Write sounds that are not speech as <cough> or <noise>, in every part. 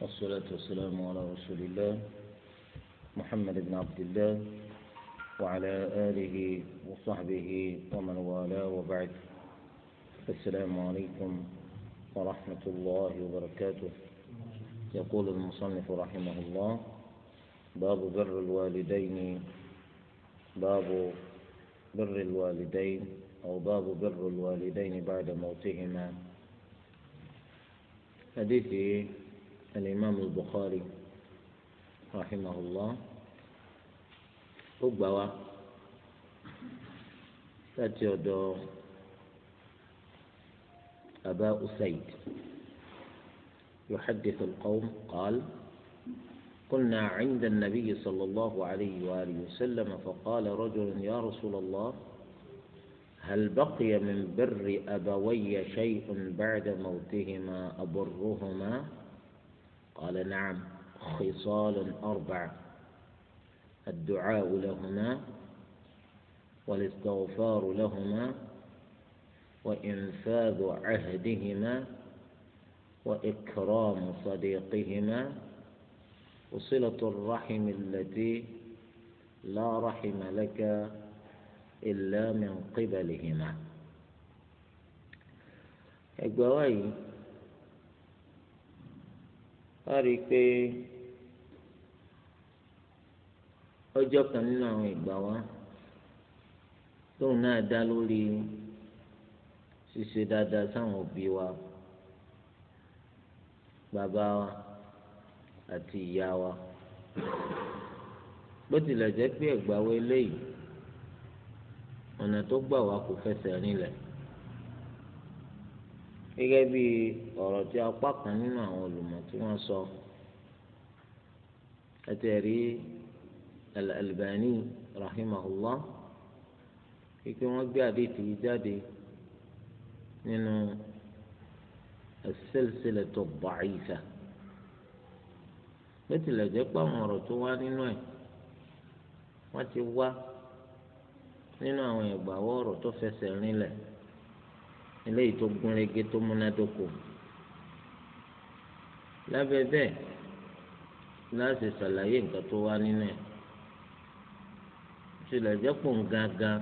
والصلاة والسلام على رسول الله محمد بن عبد الله وعلى آله وصحبه ومن والاه وبعد السلام عليكم ورحمة الله وبركاته يقول المصنف رحمه الله باب بر الوالدين باب بر الوالدين أو باب بر الوالدين بعد موتهما حديثي الإمام البخاري رحمه الله أبوا تجد أبا أسيد يحدث القوم قال قلنا عند النبي صلى الله عليه وآله وسلم فقال رجل يا رسول الله هل بقي من بر أبوي شيء بعد موتهما أبرهما قال نعم خصال أربع الدعاء لهما والاستغفار لهما وإنفاذ عهدهما وإكرام صديقهما وصلة الرحم التي لا رحم لك إلا من قبلهما. wọ́n rí i pé ọjọ́ kan nínú àwọn ìgbà wa tóun náà dá lórí ṣíṣe dáadáa sáwọn òbí wa bàbá wa àti ìyá wa bó tilẹ̀ jẹ́ pé ẹ̀gbà wo eléyìí ọ̀nà tó gbà wá kò fẹsẹ̀ rinlẹ̀ gẹ́gẹ́ bí ọ̀rọ̀ tí apá kan nínú àwọn olùmọ̀ tí wọ́n sọ ẹtẹ̀rí Al-Albani rahimahullah kíkẹ́ wọ́n gbé àdéhìí yìí jáde nínú as-silsilatu ad-da'ifa bó pé àwọn ọ̀rọ̀ tó wá nínú ẹ̀ wọ́n ti wá nínú àwọn ìgbàwọ́ ọ̀rọ̀ tó fẹsẹ̀ rinlẹ̀ eléyìí tó gúnrégé tó múnádóko lábẹ́ bẹ́ẹ̀ láti ṣàlàyé nǹkan tó wá nínú ẹ̀ tilẹ̀ jẹ́ pò ń gangan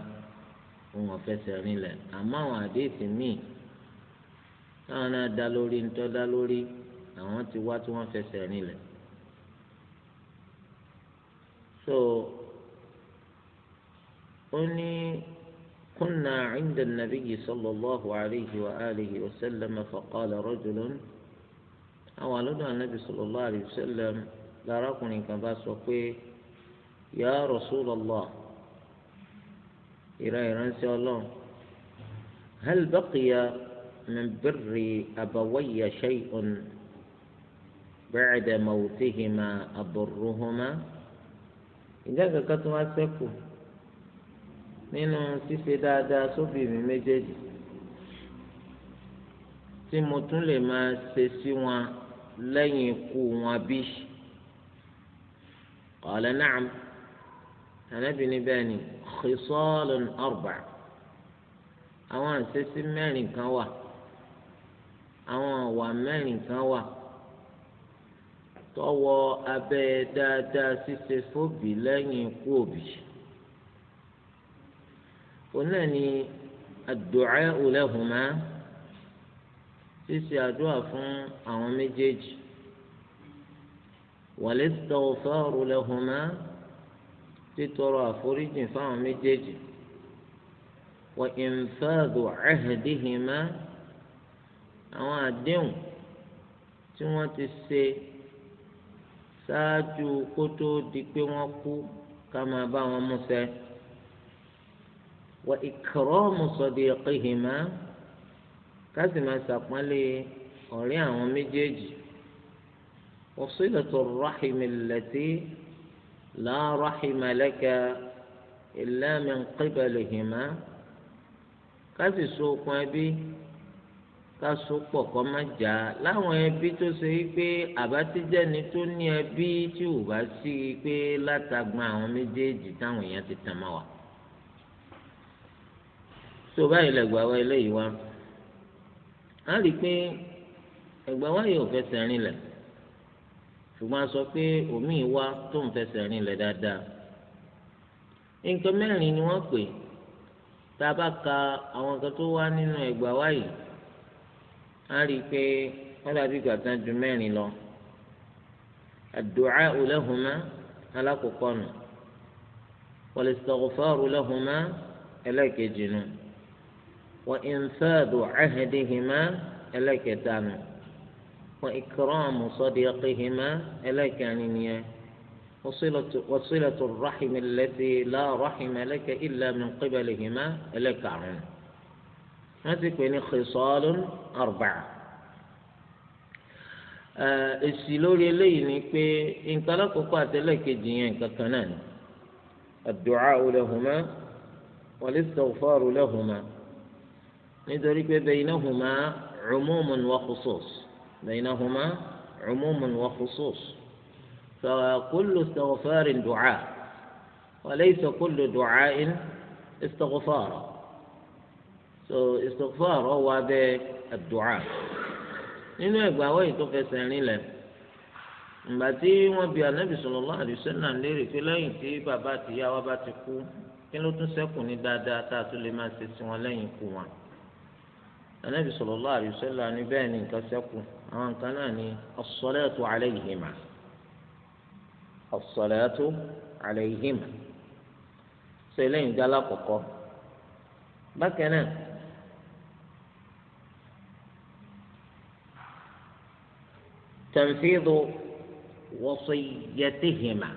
òun ọ̀fẹsẹ̀ rinlẹ̀ àmọ́ àwọn àdéhìí míì táwọn náà dá lórí ńtọ́ dá lórí àwọn ti wá tí wọ́n fẹsẹ̀ rinlẹ̀ so ó ní كنا عند النبي صلى الله عليه وآله وسلم فقال رجل أولد النبي صلى الله عليه وسلم لا ركن كباس وقوي يا رسول الله إلى إيرانسي الله هل بقي من بر أبوي شيء بعد موتهما أبرهما إذا كنت أسكت nínú ṣíṣe dáadáa sóbì mi méjèèjì tí mo tún lè máa ṣe sí wọn lẹ́yìn ikú wọn bí qala na'am Ànábì ní bẹ́ẹ̀ ni khisalun arba'a àwọn àṣẹṣí mẹ́rin kan wà àwọn àwà mẹ́rin kan wà tọwọ́ abẹ́ dáadáa ṣíṣe fóbì lẹ́yìn ikú òbí òun náà ni àdúà lahuma ṣíṣe àdúrà fún àwọn méjèèjì wal istighfaru lahuma títọrọ àforíjì fáwọn méjèèjì wa infadu ahdihima àwọn àdéhùn tí wọ́n ti ṣe ṣáájú kótó di pé wọ́n kú ká máa bá wọn múṣẹ wa ikramu sadiqihima kásì máa ṣàpọ́nlé ọ̀rẹ́ àwọn méjèèjì wa silatu rahimi allati la rahima laka illa min qibalihima kásì so okùn ẹbí ká so pọ̀ kọ́ má jà á láwọn ẹbí tó ṣe pé àbátíjẹ́ni tó ní ẹbí tí ò bá sí pé látàgbọ́n àwọn méjèèjì táwọn èèyàn ti tàn máa tó báyìí lẹ̀gbà wa eléyìí wá á rí i pé ẹ̀gbà wa yóò fẹsẹ̀ rìn lẹ̀ ṣùgbọ́n a sọ pé òmíì wá tó ń fẹsẹ̀ rìn lẹ̀ dáadáa nǹkan mẹ́rin ni wọ́n pè tá a bá ka àwọn nǹkan tó wá nínú ẹ̀gbà wa yìí á rí i pé wọ́n dàbí gbàtà ju mẹ́rin lọ àdúrà òlẹ́hùnmá alákòókò nù wal istighfaru lahuma ẹlẹ́ẹ̀kejì nù. وإنفاذ عهدهما إليك تانو وإكرام صديقهما إليك عنينيه وصلة, وصلة الرحم التي لا رحم لك إلا من قبلهما لك عنه هذه يعني خصال أربعة èsì lórí eléyìí ni تلقوا nǹkan alákòókò àtẹlẹ́kejì yẹn nǹkan kan náà nítorí pé baynahuma umumun wa khusus baynahuma umumun wa khusus فكل استغفار دعاء وليس كل دعاء استغفارا so استغفار هو الدعاء nínú ẹgbàá wẹ̀yìn tó fẹsẹ̀ rìn lẹ̀ ìgbà tí wọ́n bi anabi sallallahu alaihi wasallam léèrè pé lẹ́yìn tí bàbá àtìyá wa bá ti kú kí ló tún ṣẹ́kù ní dáadáa tá a tún lè máa ṣe sí wọn lẹ́yìn ikú wọn anabi sallallahu alaihi wasallam ní bẹ́ẹ̀ ni nǹkan ṣẹ́kù àwọn nǹkan náà ni as-salatu alayhima as-salatu alayhima ṣe lẹ́yìn dá lákọ̀ọ́kọ́ bákan náà tanfidhu wasiyyatihima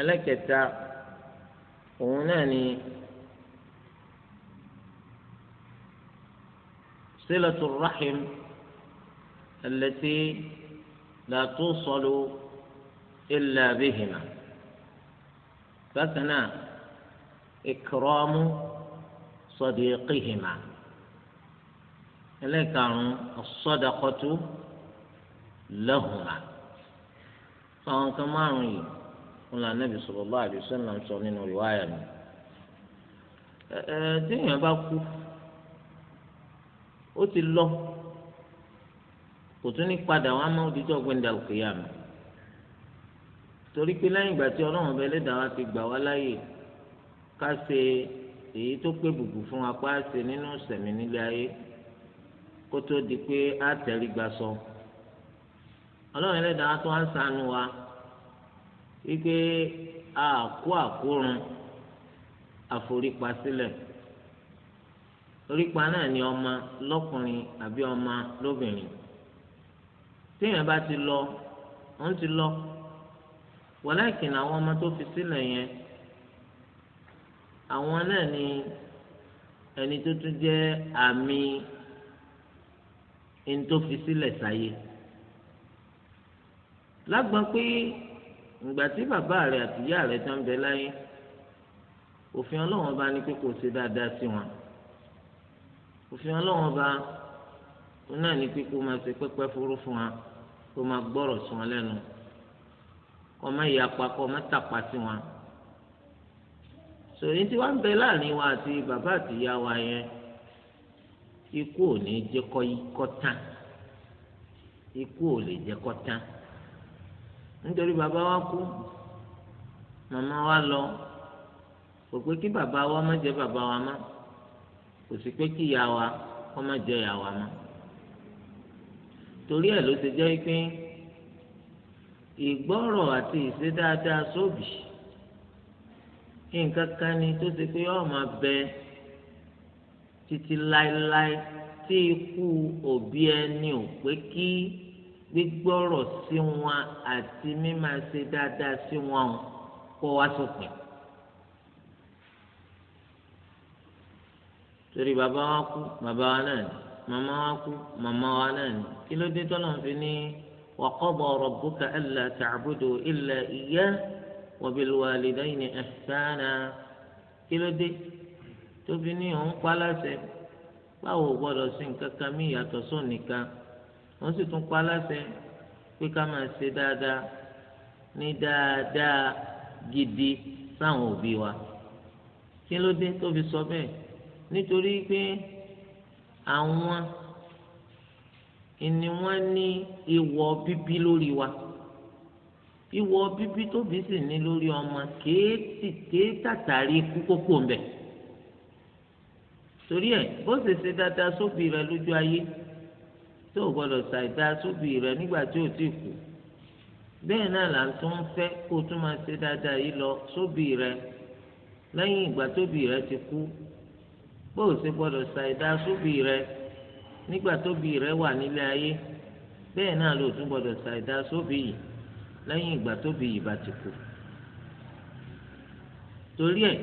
ẹlẹ́kẹta òun náà ni. صلة الرحم التي لا توصل إلا بهما فثنى إكرام صديقهما إليك الصدقة لهما فهم كما قال النبي صلى الله عليه وسلم صلى الله عليه وسلم رواية téèyàn أه، bá ó ti lọ kò tún ní padà wọn á mọ òdìjọ gbẹndà òkè yá mi torí pé lẹ́yìn ìgbà tí Ọlọ́run ọbẹ lẹdàá wa ti gbà wá láàyè ká ṣe èyí tó pé bùbù fún wa pa á ṣe nínú sẹmí nílé ayé kó tó di pé á tẹrí gba sọ Ọlọ́run ẹlẹ́dàá tó wá ń ṣàánú wa wípé a kó àkórun àforípa sílẹ̀. Si torí pa náà ni ọmọ lọ́kùnrin àbí ọmọ lóbìnrin téèyàn bá ti lọ wọ́n ti lọ wàláìkìn àwọn ọmọ tó fi sílẹ̀ yẹn àwọn náà ni ẹni tó tún jẹ́ àmì ẹni tó fi sílẹ̀ sáyé lágbọn pé ìgbà tí bàbá rẹ̀ àtìyá rẹ̀ tán bẹ láyé òfin Ọlọ́run bá ní pé kò ṣe dáadáa sí wọn. Si òfin ọlọ́wọ́n bá òun náà ní pípé máa ṣe pẹ́pẹ́ fúrú fún wa kó máa gbọ́rọ̀ sún wọn lẹ́nu kó máa yà pa kó máa tàpá sí wọn. sòrí tí wọ́n ń bẹ láàrin wa àti bàbá àti ìyá wa yẹn ikú ò ní jẹ́ kọ́ ikọ́ tán ikú ò lè jẹ́ kọ́ tán nítorí Ma kò sí pé kí ìyá wa kọ́ má jẹ́ ìyá wa mọ́ torí ẹ̀ ló ti jẹ́ pé ìgbọ́rọ̀ àti ìṣe dáadáa sóbì nǹkan kan ni tó ṣe pé ó máa bẹ títí láéláé tí ikú òbí ẹni ò pé kí gbígbọ́rọ̀ sí wọn àti mímáa ṣe dáadáa sí wọn kó wá sópin. So torí bàbá wa kú bàbá wa náà ni màmá wa kú màmá wa náà ni kí ló dé tọ́lọ̀ ń fi ní wàkọ́bọ̀ rabbuka alla ta'budu illa iya wa bil walidayni ihsana kí ló dé tóbi ní òun pa láṣẹ báwo gbọ́dọ̀ sí nǹkan kan mí ìyàtọ̀ nìkan òun sì tún pa láṣẹ pé ká máa ṣe dáadáa ní dáadáa gidi sáwọn òbí wa kí ló dé tó sọ bẹ́ẹ̀ nítorí pé àwọn ni wọ́n ní ìwọ bíbí lórí wa ìwọ bíbí tóbi sì ní lórí ọmọ kéétì kéétàtàrí ikú kókó ńbẹ torí ẹ bó ṣe ṣe dáadáa sóbì rẹ lójú ayé tó o gbọ́dọ̀ ṣàìdá sóbì rẹ nígbà tí o ti kú bẹ́ẹ̀ náà là ń tún fẹ́ kó tún máa ṣe dáadáa yìí lọ sóbì rẹ lẹ́yìn ìgbà tóbì rẹ ti kú bó o ṣe gbọ́dọ̀ ṣàìdá sóbì rẹ nígbà tóbi rẹ wà nílé ayé bẹ́ẹ̀ náà ló tún gbọ́dọ̀ ṣàìdá sóbì yìí lẹ́yìn ìgbà tóbi yìí bá ti kú. torí ẹ̀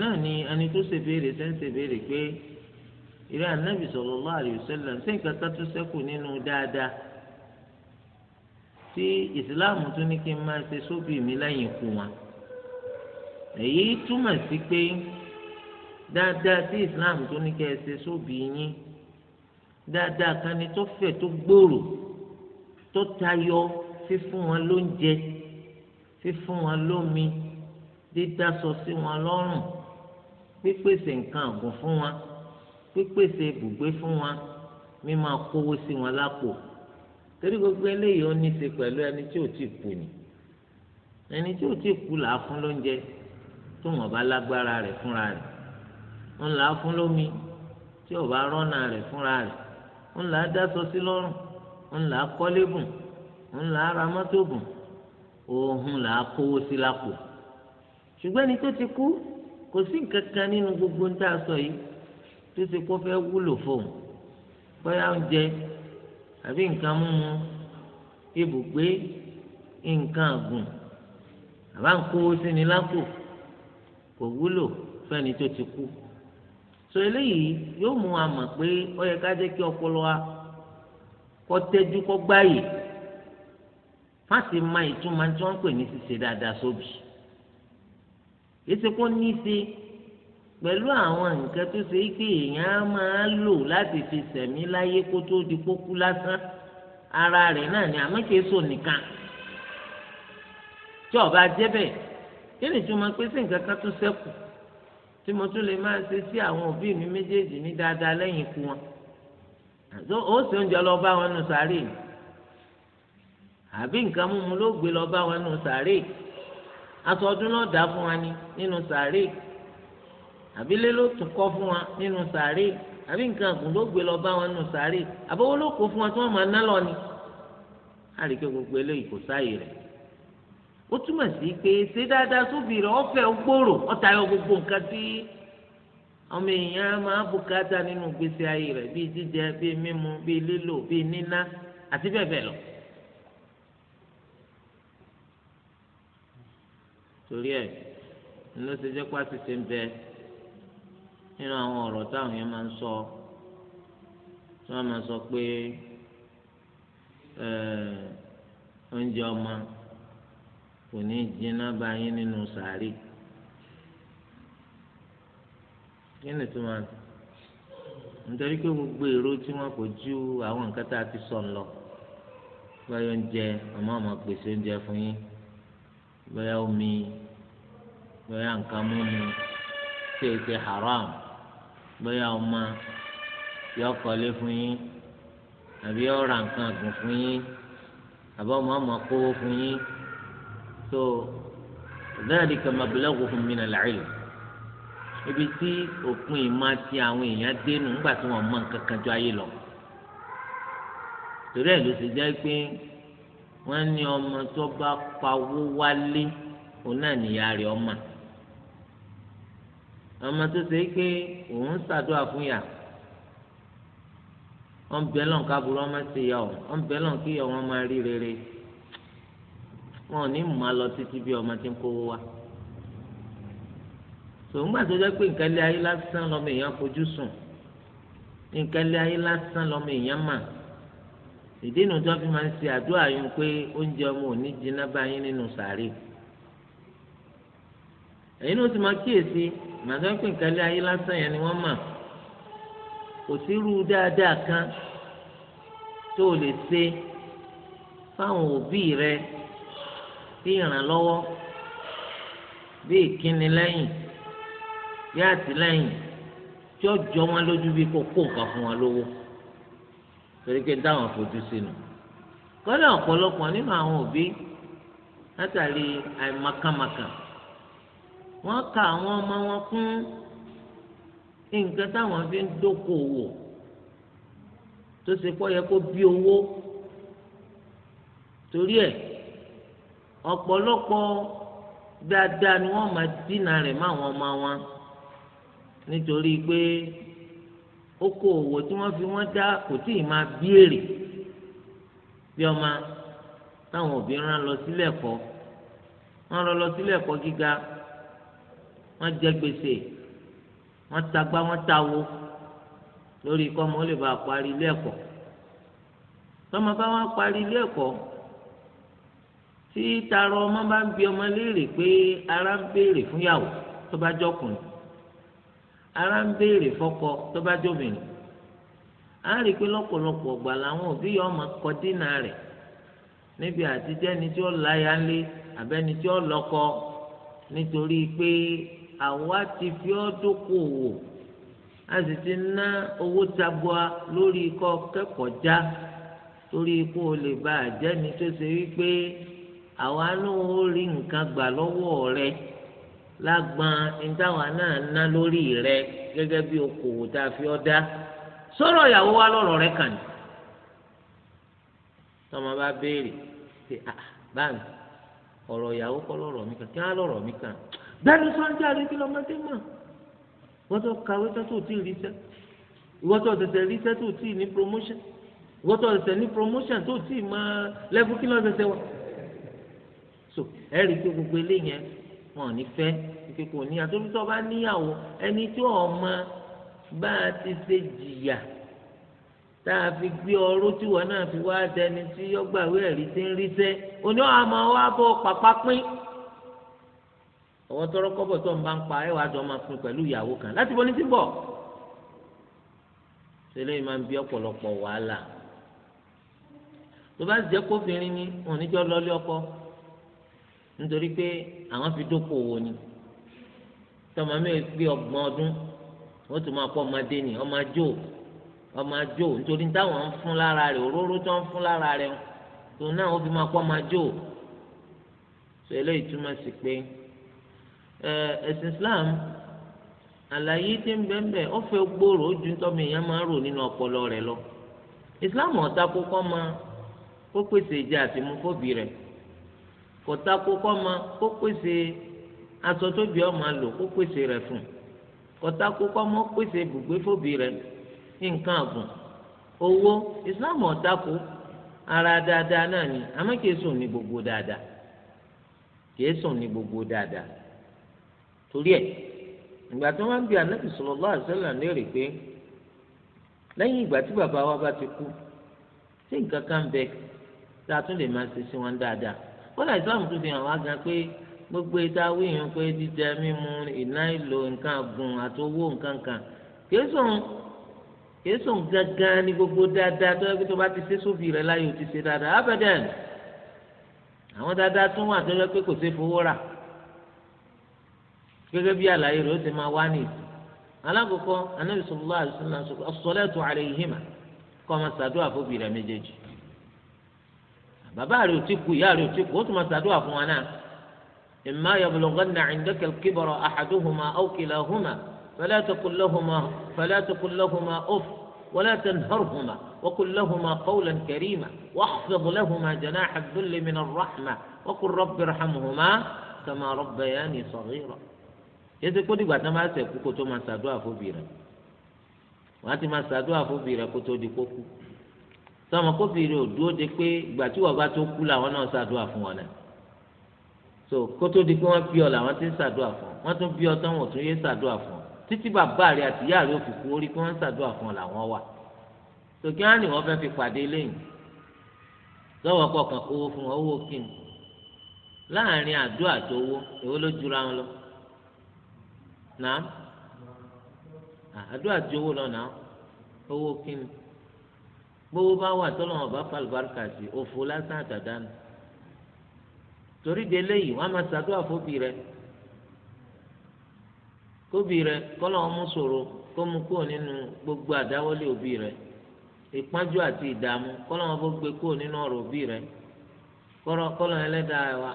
náà ni ẹni tó ṣe béèrè ṣe ń ṣe béèrè pé ìrẹ́ ànábì sallallahu alaihi wasallam ṣé nǹkan kan tún ṣẹ́kù nínú dáadáa tí ìsìláàmù tún ní kí n máa ṣe sóbì mi lẹ́yìn ikú wọn. èyí túmọ̀ sí pé dáadáa tí islam tó ní kẹ́ ẹ ṣe sóbì yín dáadáa kan ni tó fẹ̀ tó gbòòrò tó tayọ fífún wọn lóúnjẹ fífún wọn lómi dídásọ sí wọn lọ́rùn pípèsè nǹkan àgùn fún wọn pípèsè ibùgbé fún wọn mímọ kówó sí wọn lápò torí gbogbo eléyìí ó ní í ṣe pẹ̀lú ẹni tí ò tíì kú ni ẹni tí ò tíì kú là fún lóúnjẹ tó wọn bá lágbára rẹ̀ fúnra rẹ̀ ńlá fún lómi tí ò bá rọ́nà rẹ̀ fúnra rẹ̀ ńlá dáṣọ sí lọ́rùn ńlá kọ́lébùn ńlá ra mọ́tò bùn òun là á kówó sí lápò ṣùgbọ́n ẹni tó ti kú kò sí nǹkan kan nínú gbogbo ń tà sọ yìí tó ti kó fẹ́ wúlò fóun bóyá oúnjẹ àbí nǹkan mímu ibùgbé nǹkan àgùn àbá ń kówó sí ni lápò kò wúlò fẹ́ni tó ti kú sọ eléyìí yóò mú wa mọ̀ pé ó yẹ ká jẹ́ kí ọpọlọ wa kó tẹ́jú kó gbáyè má sì ma ìtumọ̀ tí wọ́n ń pè ní ṣíṣe dáadáa sóbì èsì kó ní í ṣe pẹ̀lú àwọn nǹkan tó ṣe pé èèyàn á máa lò láti fi sẹ̀mí láyé kó tó di kókú lásán ara rẹ̀ náà ni àmọ́ kìí sọ nìkan tí ọba jẹ́ bẹ́ẹ̀ kí ni ìtumọ̀ pé sí nǹkan kan tó ṣẹ́kù tí mo tún lè máa ṣe sí àwọn òbí mi méjèèjì ní dáadáa lẹ́yìn ikú wọn ó sì oúnjẹ lọ bá wọn nù sàárè àbí nǹkan mímu ló gbé lọ bá wọn nù sàárè aṣọ ọdún náà dá fún wa ni nínú sàárè àbílẹ̀ ló tún kọ́ fún wa nínú sàárè àbí nǹkan àgùn ló gbé lọ bá wọn nù sàárè àbówó ló kó fún wa tí wọ́n máa ná lọ ni àríkè gbogbo eléyìí kò sáàyè rẹ̀ ó túmọ̀ sí pé ṣé dáadáa ofe rẹ̀ ọ̀fẹ́ gbogbo nǹkan tí ọmọ èèyàn máa bùkátà nínú gbèsè ayé rẹ̀ bíi jíjẹ bíi mímu bíi lílò bíi níná àti bẹ́ẹ̀ bẹ́ẹ̀ lọ. torí ẹ̀ inú ṣe jẹ́ pàṣẹ ṣe ń bẹ nínú àwọn ọ̀rọ̀ táwọn yẹn máa ń sọ tí kò ní jiná báyìí nínú sàárì kí ni tó máa nítorí pé gbogbo èrò tí wọn kò ju àwọn nǹkan tá a ti sọ lọ báyọ̀ oúnjẹ àmọ́ àmọ́ pèsè oúnjẹ fún yín báyọ̀ omi báyọ̀ nǹkan múmu tí èyí ti haram báyọ̀ ọmọ yọ kọ́lé fún yín àbí yọ ra nǹkan àgùn fún yín àbí ọmọ àmọ́ kówó fún yín so dhalika mablaghuhum min al-ilm ibi tí òpin ìmọ̀ àti àwọn èèyàn dénú ńgbà tí wọ́n mọ̀ nǹkan kan ju ayé lọ torí ẹ̀ ló ṣe jẹ́ pé wọ́n ní ọmọ tó bá pawó wálé òun náà nìyá rẹ̀ ọmọ ọmọ tó ṣe pé òun ṣàdúrà fún yà ọ̀n bẹ́ẹ̀ lọ́n káàbùrọ̀ ọmọ ṣe yà ọ̀ ọ̀n bẹ́ẹ̀ lọ́n kí ọmọ máa rí rere wọn ò ní mọ̀ lọ títí bí ọmọ tí ń kówó wa sòwòǹgbà tó jẹ́ pé nǹkan lé ayé lásán lọ́mọ èèyàn fojú sùn nǹkan lé ayé lásán lọ́mọ èèyàn mà ìdí inú tó fi máa ń ṣe àdúrà yín pé oúnjẹ ọmọ ò ní jiná báyìí nínú sàárè èyí ló ti máa kíyèsí màdá pé nǹkan lé ayé lásán yẹn ni wọ́n mà kò sí irú dáadáa kan tó o lè ṣe fáwọn òbí rẹ bí ìrànlọ́wọ́ bí ìkíni lẹ́yìn bí àtìlẹ́yìn tí ó jọ wọn lójú bí kò kó nǹkan fún wọn lówó torí pé táwọn fojú sínú kọ́dà ọ̀pọ̀lọpọ̀ nínú àwọn òbí látàrí àìmọ̀kàmọ̀kà wọ́n ka àwọn ọmọ wọn kún nǹkan táwọn fi ń dókòwò tó ṣe kọ́ yẹ kó bí owó torí ẹ̀ ọ̀pọ̀lọpọ̀ dáadáa ni wọ́n máa dínà rẹ̀ má wọn ọmọ wọn nítorí pé oko òwò tí wọ́n fi wọ́n dá kò tí ì máa bí èrè bí ọmọ táwọn òbí rán lọ sílé ẹ̀kọ́ wọ́n rán lọ sílé ẹ̀kọ́ gíga wọ́n jẹ gbèsè wọ́n tagbá wọ́n tawo lórí kọ́mọ ó lè bá parí ilé ẹ̀kọ́ tọ́mọ bá wọn parí ilé ẹ̀kọ́ tí tààrà ọmọ bá ń bi ọmọ léèrè pé ara ń béèrè fún yàwó tó bá jọkùnrin ara ń béèrè fọ́kọ tó bá jọbìnrin á rí i pé lọ́pọ̀lọpọ̀ ọgbà làwọn òbí yọ ọmọ kọ dínà rẹ̀ níbi àtijọ́ ẹni tí ó láya lé àbẹ́ni tí ó lọ́kọ nítorí pé àwa ti fi ọ́ dókòwò a sì ti ná owó tabua lórí ikọ́ kẹ́kọ̀ọ́ já torí ikú o lè bá àjẹ́ni tó ṣe wípé àwa náà ó rí nǹkan gbà lọ́wọ́ rẹ lágbọn nítawà náà ná lórí rẹ gẹ́gẹ́ bí okòwò tá a fi ọ́ dá sọ̀rọ̀ ìyàwó wa lọ́rọ̀ rẹ kàn ní. tọ́mọ bá béèrè ṣe ah, báyìí ọ̀rọ̀ ìyàwó kọ́ lọ́rọ̀ mi kàn kí wọ́n lọ́rọ̀ mi kàn bẹ́ẹ̀ni sọ́njà rẹ kí lọ́mọdé mọ̀ wọ́n kàwé tó tí ì ríṣẹ́ ìwọ́n tó tẹ̀sẹ̀ ríṣẹ́ tó tí ì ní promotion ìwọ́n tó ní promotion tó tí ì máa lẹ́fún kí lọ́ọ́ so ẹ rí i pé gbogbo eléyẹn wọn ò ní fẹ́ kíkó ní àtúntò tó bá níyàwó ẹni tí ọmọ bá a ti ṣe jìyà tá a fi gbé ọrú tí wọn náà fi wá dẹni tí yọgbàwé ẹ̀rí ti ń rí sẹ́ oní àmọ́ wa bọ́ pàpà pín ọwọ́ tọrọ kọ́bọ̀ tó ń bá ń pa ẹ̀ wàá jọ máa pín pẹ̀lú ìyàwó kan láti bọ́ ní tí bọ̀ ṣẹlẹ̀ yìí máa ń bí ọ̀pọ̀lọpọ̀ wàhálà tó bá jẹ́ kófìrín ni òun níjọ́ lọ́lé ọkọ nítorí pé àwọn fi dókòwò ni tọmọ mi pé ọgbọ̀n ọdún wọ́n tún máa kọ́ ọmọdé ni ọmọ ajó ọmọ ajó nítorí táwọn ń fún lára rẹ̀ òróró tó ń fún lára rẹ̀ tó náà ó fi máa kọ́ ọmọ ajó so eléyìí túmọ̀ sí pé ẹ̀sìn Islam àlàyé tí ń bẹ́ẹ̀ bẹ́ẹ̀ ó fẹ́ gbòòrò ju tọ́mọ èèyàn máa ń rò nínú ọpọlọ rẹ̀ lọ Islam ọ̀tá kókó máa ó pèsè ìjà àtìmú fóbi rẹ̀ kọtako kọma kó pèsè aṣọ tóbi ọmọ lò kó pèsè rẹ fún kọtako kọma pèsè ibùgbé fóbi rẹ nǹkan àgùn owó islam ọtako ara dáadáa náà ni àmọ́ kìí sùn ní gbogbo dáadáa kìí sùn ní gbogbo dáadáa torí ẹ̀ ìgbà tí bí anabi wa bá ti kú sí nǹkan kan bẹ a tún lè kódà islam tún fi hàn wá gan pé gbogbo ìta wíyàn pé jíjẹ mímu iná ìlò nǹkan gùn àti owó nǹkan kan kìí sùn gangan ni gbogbo dáadáa tó yẹ kó tó bá ti ṣe sófin rẹ láyò ti ṣe dáadáa abẹ́dẹ́n àwọn dáadáa tún wà tó yẹ pé kò ṣe fowó rà gẹ́gẹ́ bí àlàyé rẹ ó ti máa wá nìyí alákòókò anabi sọlá àdìsọlá sọlá tó àlẹ yìí mà kọ́ ọmọ sàdúrà fóbi rẹ méjèèjì. bàbá rẹ̀ ò ti kú ìyá rẹ̀ ò ti kú ó tún máa ṣàdúrà fún wa náà imma yablughanna 'indaka al-kibara ahaduhuma aw kilahuma fala taqul lahuma fala taqul lahuma uff ولا تنهرهما mìnà لهما قولا كريما واخفض لهما جناح الذل من الرحمة وقل رب ارحمهما كما ربياني صغيرا yẹtí kó dìgbà tó máa sẹkú kó tó máa ṣàdúrà fóbì rẹ wọn á ti máa ṣàdúrà fóbì rẹ kó tó di kó kú sọmọ kófìrí ò dúró de pé ìgbà tí wọ́n bá tó kú làwọn náà ṣàdúrà fún wọn náà so kótó di pé wọ́n bí ọ làwọn ti ń ṣàdúrà fún ọ wọ́n tún bí ọ tán wọ́n tún yé ṣàdúrà fún ọ títí bàbá rẹ àti ìyá rẹ ò fi kú orí pé wọ́n ń ṣàdúrà fún ọ làwọn wà so kí wọ́n ní wọ́n fẹ́ẹ́ fi pàdé lẹ́yìn lọ́wọ́ kọ̀ọ̀kan kówó fún owó kíni láàrin àdúrà àtowó èwo ló jura wọn lọ nàá àdúrà àti owó lọ nàá owó kíni. gbogbo bá wà tọ́lọ́wọ́n bá falùbáríkà sí òfò lásán àtàdánù torí de léyìí wọ́n á máa ṣàdúrà fóbi rẹ kóbi rẹ kọ́lọ́wọ́n mú ṣòro kó kúrò gbogbo àdáwọ́lé òbí rẹ ìpọ́njú àti ìdààmú kọ́lọ́wọ́n bó gbé kúrò nínú ọ̀rọ̀ òbí rẹ kọ́lọ́wọ́n ẹlẹ́dàá wa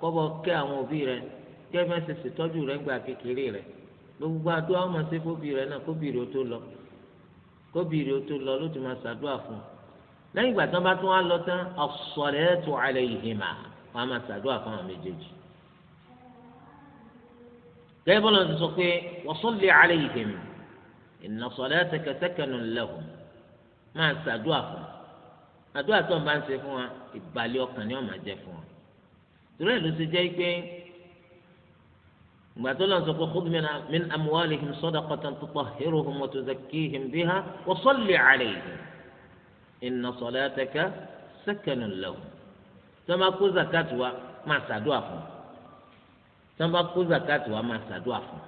kọ́bọ̀ kẹ́ àwọn òbí rẹ kẹ́fẹ́ rẹ gbà kékeré rẹ gbogbo àdúrà wọn máa ṣe fóbi rẹ náà lọ. kóbìrì ó tó lọ ló ti máa ṣàdúrà fún un lẹ́yìn ìgbà tí wọ́n bá tún wá lọ tán as-salatu alayhima wọ́n á máa ṣàdúrà fún àwọn méjèèjì. gẹ́gẹ́ bọ́lá ti sọ pé wa salli alayhim inna salataka sakanun lahum máa ṣàdúrà fún un àdúrà tó ń bá ń ṣe fún wa ìbàlẹ̀ ọkàn ni wọ́n máa jẹ fún wa. torí ẹ̀ ló ṣe jẹ́ pé ìgbà tó lọ́n sọ pé khudh min amwalihim sadaqatan tutahhiruhum wa tuzakkihim biha wa salli alayhim inna salataka sakanun lahum tó máa kó zakat wa máa ṣàdúà fún tó máa kó zakat wa máa ṣàdúà fún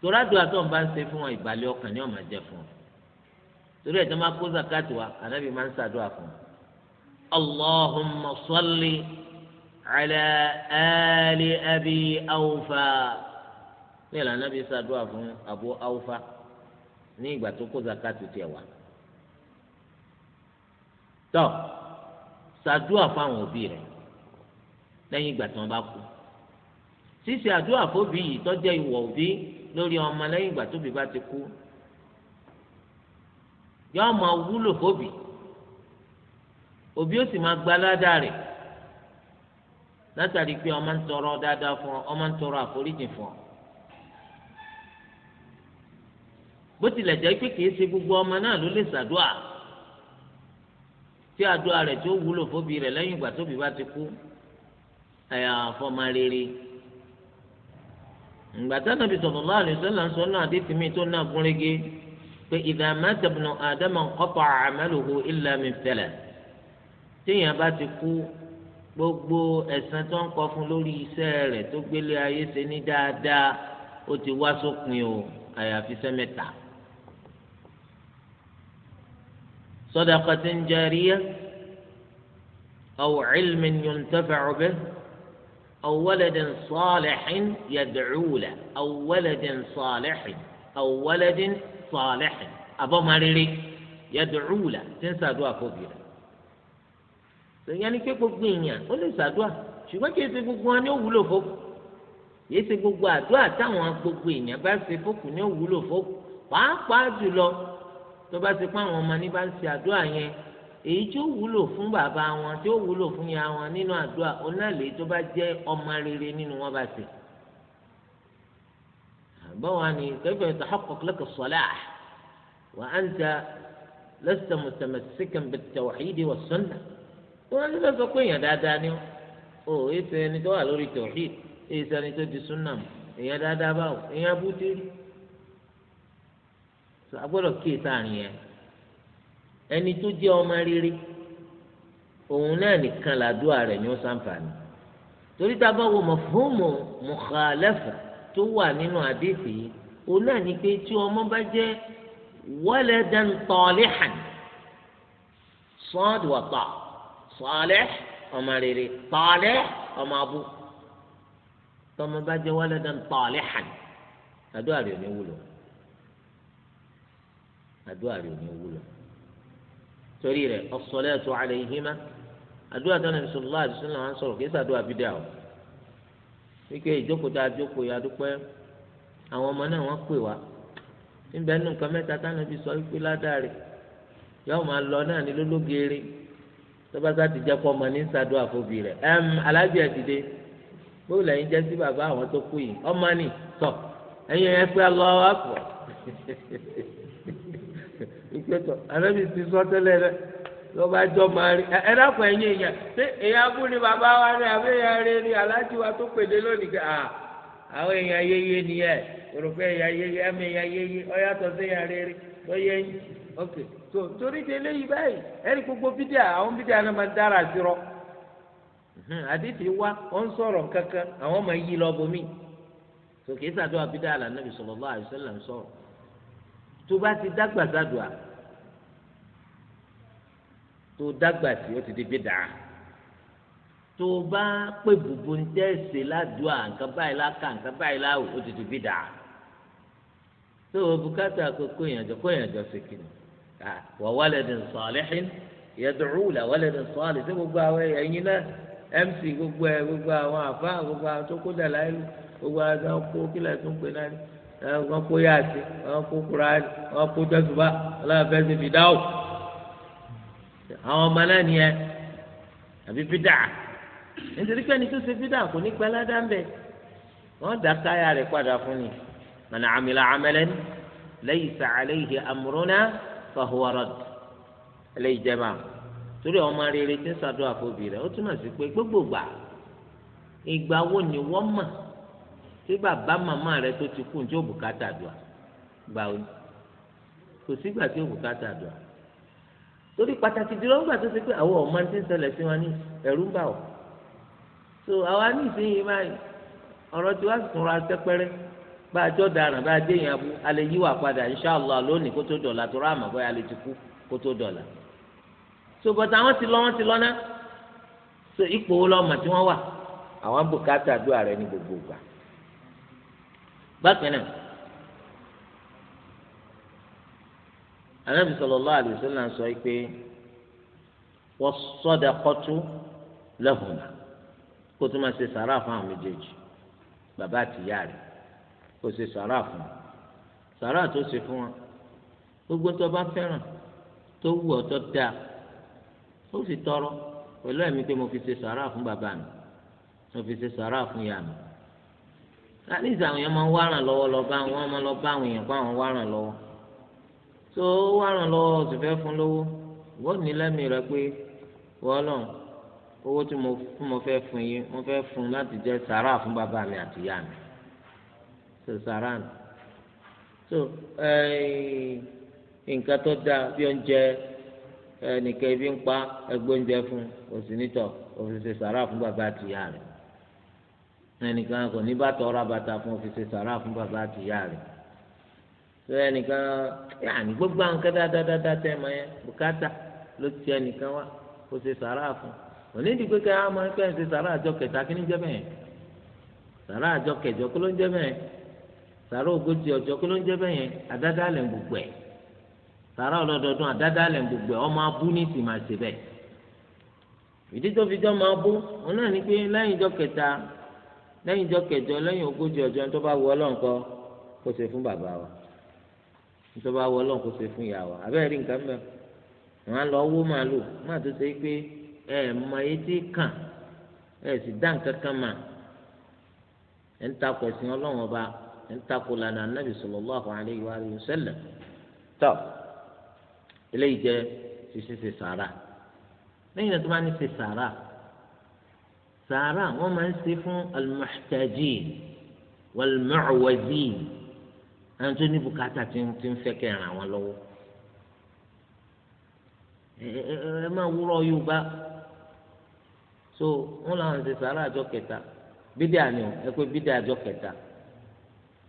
torí àdúrà tó ń bá ń ṣe fún wọn ìbàlẹ̀ ọkàn ni wọ́n máa jẹ fún torí ẹ̀ tó máa kó wa ànábì máa ń ṣàdúà fún Allahumma salli. على آل أبي أوفى ليلة النبي صلى الله أبو أوفى نيجا تكو زكاة تيوا tó ṣàdúrà fáwọn òbí rẹ̀ lẹ́yìn ìgbà tí wọ́n bá kú ṣíṣe àdúrà fóbi yìí tó jẹ́ ìwọ̀ òbí lórí ọmọ lẹ́yìn ìgbà tóbi bá ti kú yóò máa wúlò fóbi òbí ó látàrí pé ọmọ ń tọrọ dáadáa fún ọ ọmọ ń tọrọ àforíjì fún ọ. bó tilẹ̀ jẹ́ pé kìí ṣe gbogbo ọmọ náà ló lè ṣàdúà tí àdúà rẹ̀ tó wúlò fóbi rẹ̀ lẹ́yìn ìgbà tóbi bá ti kú ẹ̀yà àfọmọ rere. ìgbà táwọn ibi sọ̀rọ̀ lọ́wọ́ àlùsọ là ń sọ tó náà gúnrégé pé ìdá mẹ́tẹ̀bùnú àdámọ̀ kọ́pọ̀ àmẹ́lòho ìlàmì fẹ̀lẹ̀ tíyẹn bá ti kú gbogbo ẹ̀san tó ń kọ fún lórí iṣẹ́ rẹ̀ tó gbélé ayé ṣe ní dáadáa ó ti wá sópin o àyàfi sẹ́mẹ́ta. صدقة جارية أو علم ينتفع به أو ولد صالح يدعو له أو ولد صالح أو ولد صالح أبو مريري يدعو له تنسى دعاء فوقي sèyí ẹni pé gbogbo èèyàn ó lè ṣàdúà ṣùgbọ́n kì í ṣe gbogbo wọn ni ó wúlò fókù kì í ṣe gbogbo àdúà táwọn gbogbo èèyàn bá ṣe fókù ni ó wúlò fókù pàápàá jùlọ tó bá ṣe pé àwọn ọmọ ní bá ń ṣe àdúà yẹn èyí tí ó wúlò fún bàbá wọn tí ó wúlò fún ya wọn nínú àdúà onáàlè tó bá jẹ́ ọmọ rere nínú wọn bá ṣe. àbọ̀wá ni kayfa yatahaqqaq laka as-salah wa anta lasta mutamassakan bit-tawhid was-sunnah wọ́n ti sọ pé èèyàn dáadáa ni ó ètò ẹni tó wà lórí tọ̀hí èsì ẹni tó di súnà èèyàn dáadáa báwò èèyàn abúté agbọ́dọ̀ kíyè sáàrin yẹn ẹni tó jẹ́ ọmọ rere òun náà nìkan làdúrà rẹ̀ ní ó sàǹfààní torí tá a bá wo mọ̀fóòmù mùkàlẹ́fà tó wà nínú àdéhùn yìí òun náà ní pé tí ọmọ bá jẹ́ waladan talihan sọ́ọ̀dù wà pàà. Salih ọmọ rere Salih ọmọ abú tọmọ bá jẹ waladan salihan àdúrà rẹ̀ ò ní wúlò àdúrà rẹ̀ ò ní wúlò torí rẹ̀ as-salatu alayhima àdúrà tó nàbì sallallahu alaihi wasallam ń sọ̀rọ̀ kí sàdúrà bídà o wípé ìjókòó jókòó àwọn ọmọ náà pè wá níbẹ̀ sọ wípé ládàá lọ náà ní lólógeere tọ́bátà ti jẹ́ pọ́ ọmọ ní sàdúrà fóbi rẹ̀ ẹ̀m alájì ẹ̀ dìde bóòlù ẹ̀yin jẹ́ sí bàbá àwọn tó kú yìí ọmọ nì tọ̀ ẹ̀yin ẹ̀ pé lọ wá pọ̀ ìpẹ́tọ̀ anábì ti sọ tẹ́lẹ̀ rẹ̀ lọ́ba jọ máa rí ẹ dákun ẹ̀yin ṣé abú ni bàbá wa wa tó pèdé lónìí kẹ́ à àwọn èèyàn nìyẹn èèyàn tó torí de eléyìí báyìí ẹ̀rí gbogbo bídíà àwọn bídíà náà máa dára jùlọ àdìtì wa ó ń sọ̀rọ̀ kankan àwọn máa yí lọ bomi sòkè sàdúrà bídíà là nàbì sallallahu alaihi wasallam ń sọ̀rọ̀ tó bá ti dàgbà sàdúrà tó dàgbà sí ó ti di bídà tó bá pè bùbù ń tẹ̀sẹ̀ ládùúà nǹkan báyìí láka nǹkan báyìí láwò ó ti di bídà tó o bùkátà kó kó ìyànjọ kó ìyànjọ sí kìnnìún wa waladin salihin yad'u la waladin salih ṣé gbogbo àwọn ẹ̀yin náà mc gbogbo ẹ̀ gbogbo àwọn àfa gbogbo àwọn tó kó dàlá ìlú gbogbo àwọn tó kó kílẹ̀ tó ń pè náà wọn kó yaasi wọn kó kuraani wọn kó tẹsùbà ọlọ́run fẹẹ ṣe fìdáwò àwọn ọmọ náà nìyẹn àbí fìdá nítorí pé ẹni tó ṣe fìdá kò ní gba ládàá ń bẹ wọn dà káyà rẹ padà fún ni mọnà àmìlà àmẹlẹ laysa alayhi amruna fahuwa rad eléyìí jẹ́ bá torí àwọn ọmọ rere tí ń ṣàdúrà fòbí rẹ̀ ó túmọ̀ sí pé gbogbo gbà ìgbà wo ni wọ́n mọ̀ tí bàbá màmá rẹ̀ tó ti kú ní òbúkátà dùà gbà ó kò sígbà tí òbúkátà dùà torí pàtàkì jùlọ nígbà tó ṣe pé àwọn ọmọ ti ń ṣẹlẹ̀ sí wọn ní ẹ̀rú ń bà wọ́n so àwa ní ìsinyìí báyìí ọ̀rọ̀ tí wàá sùn ra sẹ́pẹ́rẹ́ bá a jọ daràn bá a dé yẹn abú a lè yíwà padà inṣàlá lónìí kó tó tó ráàmà bóyá a lè ti kú kó tó dọ̀là. so but wọ́n ti lọ ti lọ ná so ipò wo lọ́mọ tí wọ́n wà àwọn bùkátà dúà rẹ ní gbogbo ìgbà. bákan náà anábì sallallahu alaihi wasallam sọ pé wọ́n sọ́dọ̀kọ́tù lẹ́hùn kó tó máa ṣe sàrà fún àwọn méjèèjì bàbá rẹ̀. kó ṣe sàrà fún wọn sàrà tó ṣe fún wọn gbogbo tó bá fẹ́ràn tó wù ọ́ tó dáa ó sì tọrọ pẹ̀lú ẹ̀mí pé mo fi ṣe sàrà fún bàbá mi mo fi ṣe sàrà fún ìyá mi àníṣe àwọn èèyàn máa ń wá ràn lọ́wọ́ lọ bá wọn máa lọ bá àwọn èèyàn bá wọn wá ràn lọ́wọ́ tó wá ràn lọ́wọ́ ó sì fún lówó wọ́n ní lẹ́mìí rẹ pé wọ́n owó tí mo fẹ́ fún yín mo fẹ́ fún láti jẹ́ sàrà fún bàbá mi àti ìyá mi tó a tó nǹkan tó dáa bí oúnjẹ ẹnìkan eh, ebi ń pa ẹgbóúnjẹ fún òsì òfìsè sàrà fún bàbá àtìyá rẹ ẹnìkan kò ní fún òfìsè sàrà fún bàbá àtìyá rẹ ẹnìkan gbogbo àwọn kẹta dáadáa tẹ mọ yẹn bùkátà ló ti ẹnìkan wá kó ṣe sàrà fún onídìí pé ká máa ń fẹ́ sàrà ogójì ọjọ́ kí ló ń jẹ́ bẹ́ẹ̀ yẹn àdáda lẹ̀ ń gbogbo ẹ̀ sàrà ọlọ́dọọdún àdáda lẹ̀ ń gbogbo ẹ̀ ọmọ abú ní ti máa ṣe bẹ́ẹ̀ ìdí tó fi jọ́ máa bú òun náà ní pé lẹ́yìn ìjọ kẹta lẹ́yìn ìjọ kẹjọ lẹ́yìn ogójì ọjọ́ tó bá wọ ọlọ́run kọ́ kó ṣe fún bàbá wa tó bá wọ ọlọ́run kó ṣe fún ìyá wa àbẹ́rẹ́ rí nǹkan mẹ́rin wọn á lọ wó màálù má tó ṣe pé ẹ mọ etí kàn ẹ sì dá nǹkan kan mà ẹ ń takọ̀ ẹ̀sìn ọlọ́run ọba ń takò lànà anábì sallallahu alayhi wa sallam tọ́ eléyìí jẹ́ ṣíṣe ṣe sàárà lẹ́yìn tó bá ní ṣe sàárà sàárà wọ́n máa ń ṣe fún al-muhtajin wal-mu'wazin àwọn tó ní bùkátà tí ń fẹ́ kẹ́ ràn wọ́n lọ́wọ́ ẹ máa wúrọ̀ yorùbá so wọ́n làwọn ṣe sàárà àjọ kẹta bídíà ni ẹ pé bídíà àjọ kẹta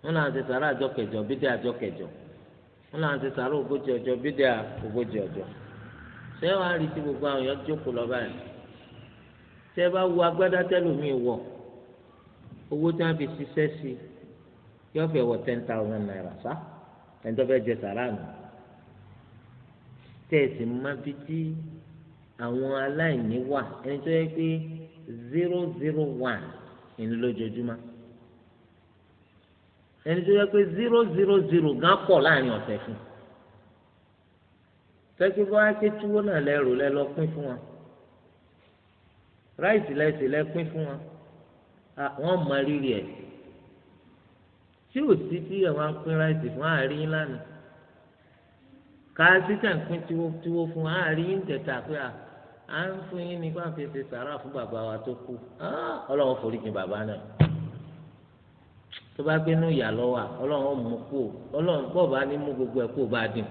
wọn làwọn ti sàrà àjọ kẹjọ bídẹ àjọ kẹjọ wọn làwọn ti sàrà ogójì ọjọ́ bídẹ ogójì ọjọ́ ṣé wàá rí tí gbogbo àwọn èèyàn jókòó lọ báyìí tẹ bá wo agbádá tẹlómìn wọ owó tí wọn fi ṣiṣẹ́ sí yóò fẹ́ wọ ten thousand naira sá ẹni tó fẹ́ jẹ sàrà nù tẹ̀sí má bí àwọn aláìní wà ẹni tó yẹ pé zero zero one ìní lójoojúmọ́ ẹni tó yẹ pé zero zero zero gan pọ̀ láàrin ọ̀sẹ̀ fún un tẹ́kí bá ké túwó náà lẹ́rù lẹ́ lọ pín fún wa ráìsì lẹ́sì lẹ́ pín fún wa wọ́n mọ rírì ẹ̀ tí ò sí tí ẹ̀ wá ń pín ráìsì fún àárín lánàá ká títà ń pín tiwó tiwó fún àárín tẹ̀tà pé à ń fún yín ní káfíńsì sàrà fún bàbá wa tó kú ọlọ́wọ́ foríjì bàbá náà tó bá gbénú ìyà lọ́wọ́ ọlọ́run ó mú kú ọlọ́run pọ̀ bá ní mú gbogbo ẹ̀ kó bá dín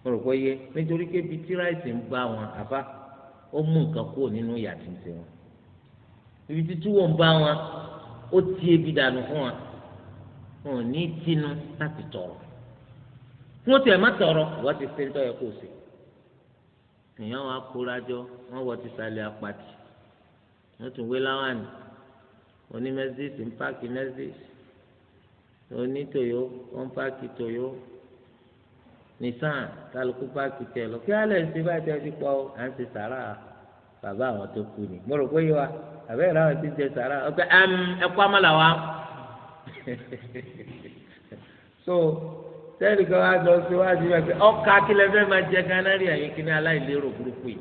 mo rò pé yé nítorí pé ibi tí ráìsì ń bá wọn àbá ó mú nǹkan kúrò nínú ìyà tí ń ṣe wọn ibi tí túwọ̀ ń bá wọn ó ti ebi dànù fún wọn wọn ò ní tinú láti tọrọ fún tẹ̀ má tọrọ wọ́n ti ṣe ń tọ́ yẹ kó o ṣe èèyàn wa kóra wọ ti sàlẹ̀ apàtì wọ́n tún wé láwàní oní Mercedes ń páàkì Mercedes oní Toyo wọ́n páàkì Toyo Nissan kálukú páàkì tẹ̀ lọ kí alẹ́ ń ṣe bá tẹ́ ti pọ̀ à ń ṣe sàrà bàbá àwọn tó kú ni mo rò pé yìí wa àbẹ́ ìlà àwọn ti jẹ sàrà ọgbẹ́ ẹ̀kọ́ amọ̀là wa <laughs> so sẹ́ẹ̀lì kan wá lọ síwájú rẹ̀ pé ọkà kílẹ̀ fẹ́ máa jẹ gánárì ẹ̀yìn kíní aláìlérò burúkú yìí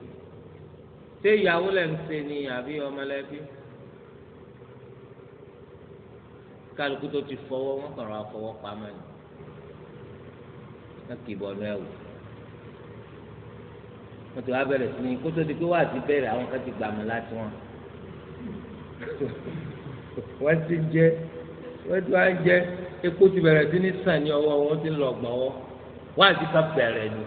ṣé ìyàwó lẹ́ ṣe ni àbí ọmọlẹ́bí. kálukú tó ti fọwọ́ wọn kàn ra fọwọ́ pamọ́ ni wọn kì í bọnu ẹ̀wù wọn ti wá bẹ̀rẹ̀ sí ní kótó di pé wọ́n àti bẹ̀rẹ̀ àwọn kan ti gbàmù láti wọn wọ́n ti jẹ́ wọ́n ti wá ń jẹ́ epo ti bẹ̀rẹ̀ sí ní sàn ní ọwọ́ wọn ti lọ gbọ̀n wọ́ wọ́n àti ká bẹ̀rẹ̀ ni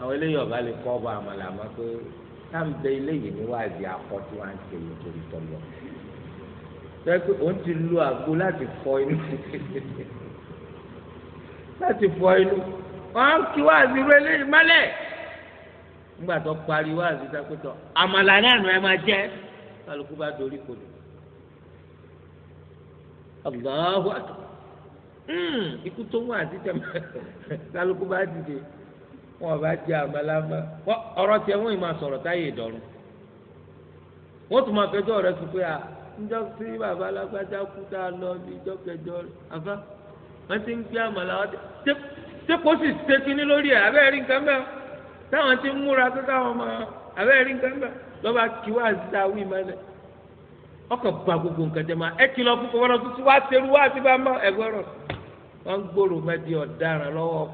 àwọn eléyìí ọba lè kọ́ ọba àmàlà àmọ́ pé táǹbẹ̀ eléyìí ni wọ́n àti akọ́ tí wọ́n á ń ṣe nítorí tọ́lọ́ pé òun ti lu àgbo láti fọ inú <laughs> láti fọ inú wọn kí wáàzì rú eléyìí mọ́lẹ̀ nígbà tó parí wáàzì sápẹtọ àmàlà náà nù ẹ máa jẹ kálukú bá dorí kodò Allahu akbar hmm, ikú tó wà títẹ <laughs> kálukú bá dìde wọn bá jẹ àmàlà mọ ọ̀rọ̀ tiẹ̀ wọn ì máa sọ̀rọ̀ táyé ìdọrùn wọn tún máa fẹjọ́ rẹ̀ sùn pé a. Ah, níjọ́ sí bàbá alágbájá kú tá a lọ bí ìjọ kẹjọ àfa wọ́n ti ń gbé te te ṣé te sì ṣe kínní lórí ẹ̀ abẹ́ rí nǹkan bẹ́ẹ̀ táwọn ti ń múra tó táwọn ọmọ abẹ́ rí nǹkan bẹ́ẹ̀ lọ́ba kí wá zá wí mọ́lẹ̀ ọkọ̀ ba gbogbo nǹkan jẹ́ máa ẹ kìlọ̀ fún kọ́kọ́rọ́ tuntun wá serú wá sí bá mọ́ ẹgbẹ́rọ̀ wọ́n ń gbòòrò mẹ́tì ọ̀daràn lọ́wọ́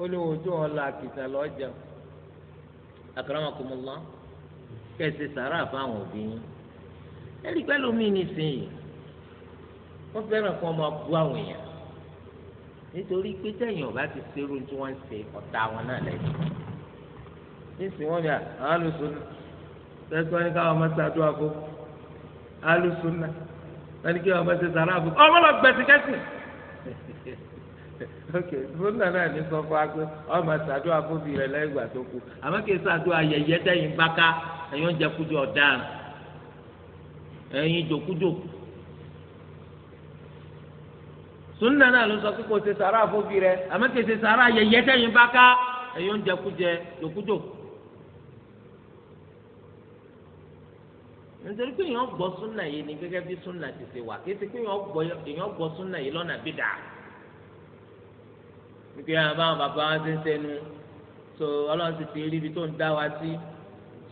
ó ní ojú ọ̀la àkìtà lọ́jà àkàràmọ̀kùnmọ́lá kẹ̀sì sàrà fáwọn òbí yín ẹ̀rí pẹ́lú mi nìsín wọ́n fẹ́ràn kí wọ́n máa bu àwọn èèyàn nítorí pé tẹ̀yìn ọ̀bá ti ṣerú tí wọ́n ń ṣe ọ̀tá wọn náà lẹ́yìn nísìn wọ́n ní alùsùnà tẹ́sán ní káwọn máa ṣàdúrà fún alùsùnà wọ́n ní kí wọ́n máa ṣe sàrà fún ọmọ gbẹ̀sì kẹ́sì ok sunna náà ní sọ fún wa pé wọ́n máa ṣàdúrà fún bìrẹ̀ lẹ́yìn ìgbà tó kù àmọ́ kí n ṣàdúrà yẹ̀yẹ́ tẹ̀yìn gbáka ẹ̀yọ́ ń jẹ́ kújọ ọ̀daràn. ẹ̀yin jòkújòkú sunna náà ló sọ pé kò ṣe sàrà àfọ́bí rẹ àmọ́ kò ṣe sàrà ayẹyẹ tẹ̀yìn bá ká ẹ̀yin oúnjẹ kújẹ jòkújòkú. nítorí pé èèyàn gbọ́ súnà yìí ni gẹ́gẹ́ bí súnà ti ṣe wà kí ti pé èèyàn gbọ́ súnà yìí lọ́nà bídà wípé àwọn bàbá wa ń sẹnu tó ọlọ́run ti fi wa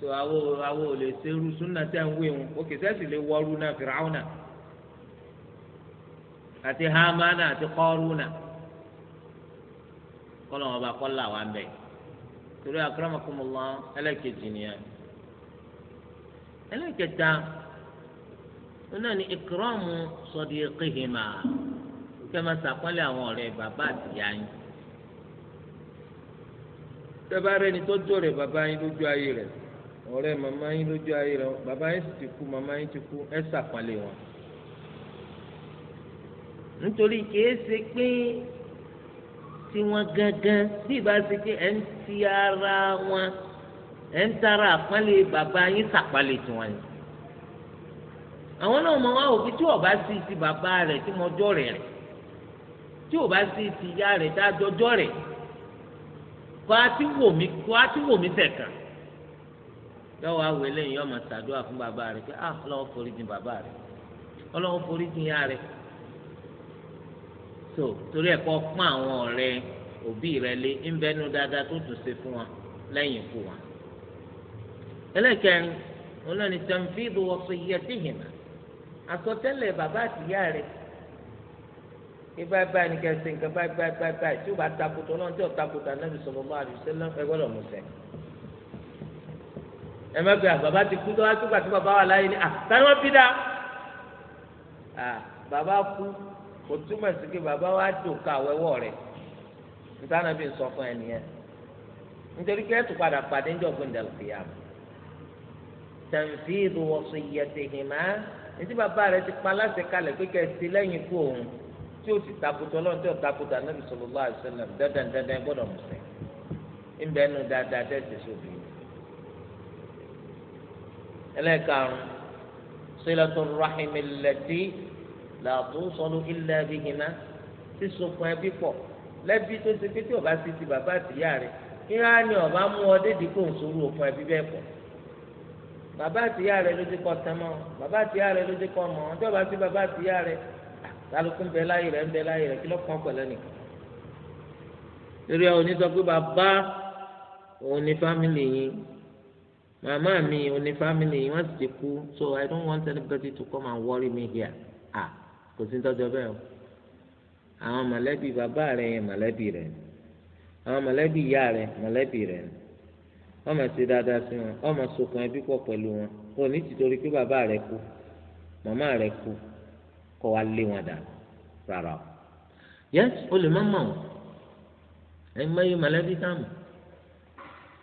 so awo awo lè ṣe irú súnà tẹ̀ ń wé wọn òkè sẹ́sì lè wọ́ọ́rù náà fìràwọ́nà àti hamana àti kọ́ọ̀rùnà kọ́lọ̀ wọn bá kọ́lá wa ń bẹ̀ torí akramakumullah ẹlẹ́kẹ̀jì nìyẹn ẹlẹ́kẹta ọ̀nà ni ikramu sadiqihima kẹ́ máa sàpọ́nlé àwọn ọ̀rẹ́ bàbá àtìyá yín tẹ́bárẹ́ni tó jọ̀rẹ̀ bàbá yín lójú ayé rẹ̀ sí ọ̀rẹ́ mama yín lójú ayé rẹ bàbá yín sì ti kú màmá yín ti kú ẹ ṣàpàlẹ wọn. nítorí kìí ṣe pé tiwọn gangan bí ìbá ṣe pé ẹ ń ti ara wọn ẹ ń tara àpọ́nlé bàbá yín ṣàpàlẹ tiwọn ni. àwọn náà mọ wọn òbí tí ọba sí ti bàbá rẹ tí mo jọ rẹ rẹ tí ọba sí ti ìyá rẹ tá a jọjọ rẹ kó a ti wò mí kó a ti wò mí tẹ̀ kàn. yọwọ awo eléyìí yọ ọmọ ṣàdúrà fún bàbá rẹ pé ah ọlọ́wọ́ forí jìn bàbá rẹ ọlọ́wọ́ forí so torí ẹ̀kọ́ pọ́n àwọn ọ̀rẹ́ òbí rẹ lé ńbẹ́nu dáadáa tó tún ṣe fún wa lẹ́yìn fún wa. ẹlẹ́kẹ̀rin olóòní tanfidhu wasiyyatihima àsọtẹ́lẹ̀ bàbá àtìyá rẹ ibà báyìí báyìí báyìí báyìí tí bá tí ẹ má gbé bàbá ti kú tó wá sígbà tí bàbá wà láyé ni àtàlẹ́ wọn bí dá bàbá kú kò túmọ̀ sí pé bàbá wa dùn ká wẹ́wọ́ rẹ̀ nítorí bí n sọ fún ẹ nìyẹn nítorí pé ẹtù padà pàdé ń jọ̀gbìn dàlùkìyà tẹ̀m̀fìdù wasiyyatihima ní tí bàbá rẹ ti pa láṣẹ kalẹ̀ pé kẹsì lẹ́yìn kú òun tí o ti takùtọ̀ lọ́nà tí o takùtọ̀ anábì sallallahu alaihi wasallam dandan dandan gbọ́dọ̀ mùsẹ̀ ń bẹ́ẹ̀ nu dáadáa tẹ̀sí sóbì yìí ẹlẹ́ẹ̀karùn sílẹ̀tò rahimilẹ́tì làtò sọlù ilẹ̀ abihìnà sísokùn ẹbí pọ̀ lẹ́bí tó ṣe pé tí ọba sì ti bàbá àtìyá rẹ̀ kíra ni ọba mú ọ dédìí kó nsòrò òkun ẹbí bẹ́ẹ̀ pọ̀ bàbá àtìyá rẹ̀ ló ti kọ́ tẹ́mọ́ bàbá àtìyá rẹ̀ ló ti kọ́ mọ́ ọjọ́ bá sí bàbá àtìyá rẹ̀ kálukú ń bẹ láyé rẹ̀ ń bẹ láyé rẹ̀ kí ló kàn pẹ̀lẹ́ nìkan. eré onítọ́ pé bàbá òun ni fámìlì yín màmá mi oní fámìlì wọ́n sì ti kú so i don't want anybody to come and worry me here ah kò sí tọ́jọ́ bẹ́ẹ̀ o àwọn mọ̀lẹ́bí bàbá rẹ̀ yẹn mọ̀lẹ́bí rẹ̀ àwọn mọ̀lẹ́bí ìyá rẹ̀ mọ̀lẹ́bí rẹ̀ ọmọ ṣe dáadáa sí wọn ọmọ sokùn ẹbí pọ̀ pẹ̀lú wọn kò ní tìtorí pé bàbá rẹ̀ kú màmá rẹ̀ kú kọ́ wa lé wọn dànù rárá o yẹ́sì olè má mọ̀ ọ́ ẹ̀ mọ̀ sáà mọ̀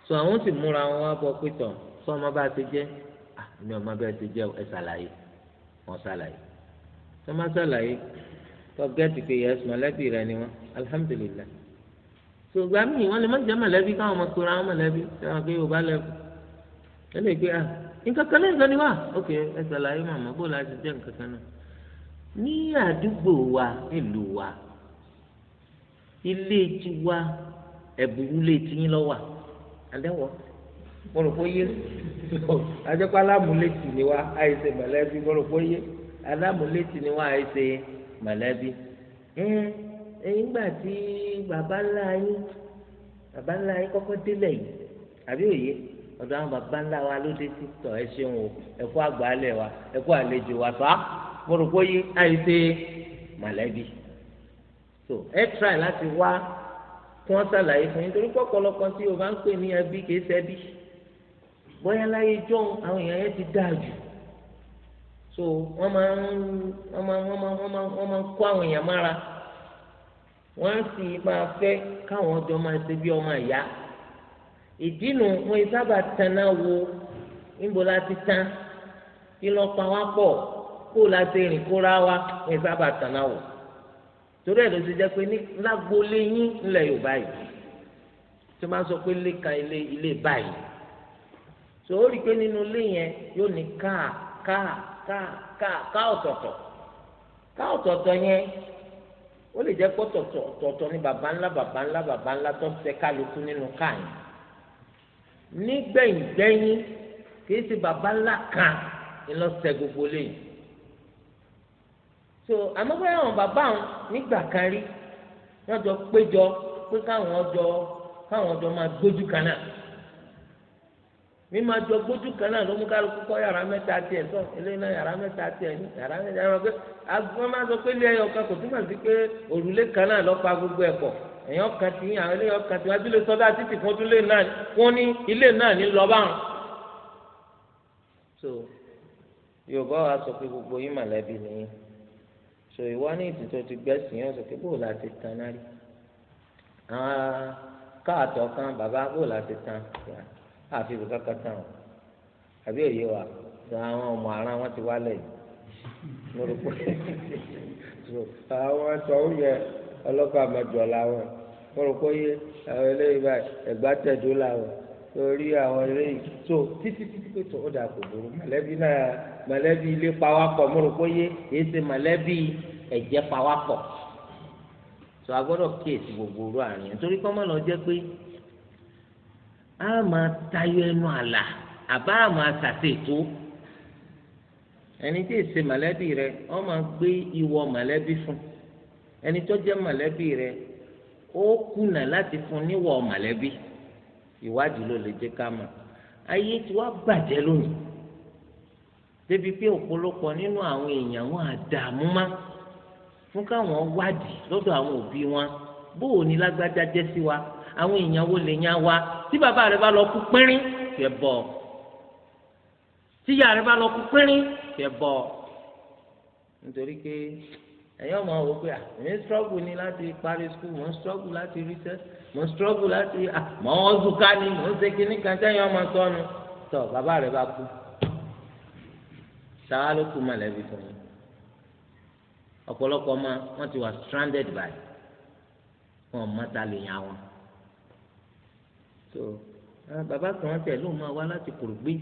so àwọn sì múra wọn wá bọ pé tọ sọ ọmọ bá ti jẹ àmì ọmọ bá ti jẹ ẹ ṣàlàyé wọn ṣàlàyé tọ́mọ ṣàlàyé tọ́ gẹ́tì pé yẹ ẹ̀sùn mọ̀lẹ́bí rẹ ni wọn alihamudulilayi sògbà míì wọn lè má jẹ mọ̀lẹ́bí káwọn ọmọ pera wọn mọ̀lẹ́bí káwọn pé yorùbá lẹbù ẹ lè gbé ah nǹkan kan kan ni wá ok ẹ ṣàlàyé màmá bó la ti jẹ nǹkan náà ní àdúgbò wa nílùú wa ilé tiwa ẹ̀bùrú lè tiyín lọ́wọ́ and then what mo rò pé yé àjẹpá <laughs> alámúlétì ni wá àìsè mọ̀lẹ́bí mo rò pé yé alámúlétì ni wá àìsè mọ̀lẹ́bí. ẹ ẹyin gbà tí bàbá ńlá yín bàbá ńlá yín kọ́kọ́ délẹ̀ yìí àbí òye ọ̀dọ̀ àwọn bàbá ńlá wa ló dé sí tọ̀ ẹ ṣeun o ẹ kú àgbálẹ̀ wa ẹ kú àlejò wa sọ́ mo rò pé yé àìsè mọ̀lẹ́bí. so ẹ try láti wá kí wọ́n ṣàlàyé fún yín torí pọ̀pọ̀lọpọ̀ tí o bá ń pè ní ẹbí kìí ṣẹbí bóyá láyé jọ́n àwọn èèyàn yẹn ti dáa jù so wọ́n máa ń wọ́n máa wọ́n máa wọ́n máa wọ́n máa kó àwọn èèyàn mára wọ́n sì máa fẹ́ káwọn ọjọ́ máa ṣe bí ọmọ ìyá ìdínú wọn sábà tanná wo níbo la ti tán kí lọ́ọ́ pa wá pọ̀ kó la ṣe rìn kóra wa wọn sábà tanná wò torí ẹ̀ ló ti jẹ́ pé lágboolé yín ńlẹ̀ Yorùbá yìí tí wọ́n sọ pé ilé kan ilé ilé báyìí tó o rí i pé nínú ilé yẹn yóò ní káà káà káà káà káà ọ̀tọ̀ọ̀tọ̀ káà ọ̀tọ̀ọ̀tọ̀ yẹn ó lè jẹ́ pọ́ tọ̀tọ̀ọ̀tọ̀ ní baba ńlá baba ńlá baba ńlá tó ń fẹ́ kálukú nínú káà yẹn nígbẹ̀yìngbẹ̀yìn kì í ṣe baba ńlá kan ńlọ sẹ gbogbo lẹ́yìn so àmọ́ bóyá àwọn bàbá àwọn nígbà kan rí wọ́n jọ péjọ pé káwọn jọ káwọn jọ máa gbójú kan náà mi máa jọ gbójú kan náà ló mú kálukú kọ́ yàrá mẹ́ta tiẹ̀ sọ eléyìí náà yàrá mẹ́ta tiẹ̀ ní yàrá mẹ́ta yàrá pé wọ́n máa sọ pé ilé ẹyọ kan kò túmọ̀ sí pé òrùlé kan náà lọ́ọ́ pa gbogbo ẹ̀kọ́ èèyàn kan ti yín àwọn eléyìí kan ti wá sílé sọ́dá títì fún ojúlé náà wọ́n ní ilé náà ní lọ́ọ́ báwọn. so yorùbá wa sọ pé gbogbo yín mọ̀lẹ́bí nìyí so ìwọ ní ìtìtò ti gbẹ́sìn yẹn sọ pé bó la ti tan náà rí àwọn káàtọ̀ kan bàbá bó la ti tan àfi ìlú kankan tán o àbí èyí wa àwọn ọmọ ara wọn ti wálẹ̀ yìí lórúkọ <laughs> àwọn ẹ̀tọ́ oúnjẹ ọlọ́kọ̀ àmọ́jọ làwọn lórúkọ yé àwọn eléyìí báyìí ẹ̀gbá tẹ̀dó làwọn. torí àwọn eré tó títí títí pé tó ọ̀dà kò burú mọ̀lẹ́bí náà mọ̀lẹ́bí ilé pawápọ̀ mo yé èyí ṣe mọ̀lẹ́bí ẹ̀jẹ̀ pawápọ̀ tó a gbọ́dọ̀ kíyèsí gbogbo orú àárín yẹn torí kọ́mọ́ lọ jẹ́ pé a máa tayọ ẹnu àlà àbá ẹni tí èsè rẹ máa gbé ìwọ fún ẹni tó rẹ ó kùnà ìwádìí ló lè jẹ́ ká mọ̀ ayé tí wàá bàjẹ́ lónìí débi pé ọ̀pọ̀lọpọ̀ nínú àwọn èèyàn wọn àdààmú má fún káwọn wádìí lọ́dọ̀ àwọn òbí wọn bóò ní lágbájá jẹ́ sí wa àwọn èèyàn wo lè yan wa tí bàbá rẹ bá lọ kú pínrín fẹ́ bọ̀ tíyà rẹ bá lọ kú pínrín fẹ́ bọ̀ nítorí pé. Ke ẹ̀yin ọmọ wò pé àmì strọ́gù ni láti parí skul mò ń strọ́gù láti ríṣẹ́ mò ń strọ́gù láti mọ̀ ọ́n zùká ni mò ń ṣe kíní kan sẹ́yìn ọmọ sọnù tọ bàbá rẹ̀ bá kú sáà ló kú mọ̀lẹ́bí fún mi ọ̀pọ̀lọpọ̀ ọmọ wọn ti wà stranded by wọn mọ́ta lè yàn wọn so bàbá kan tẹ̀ ló máa wá láti kùrùgbìn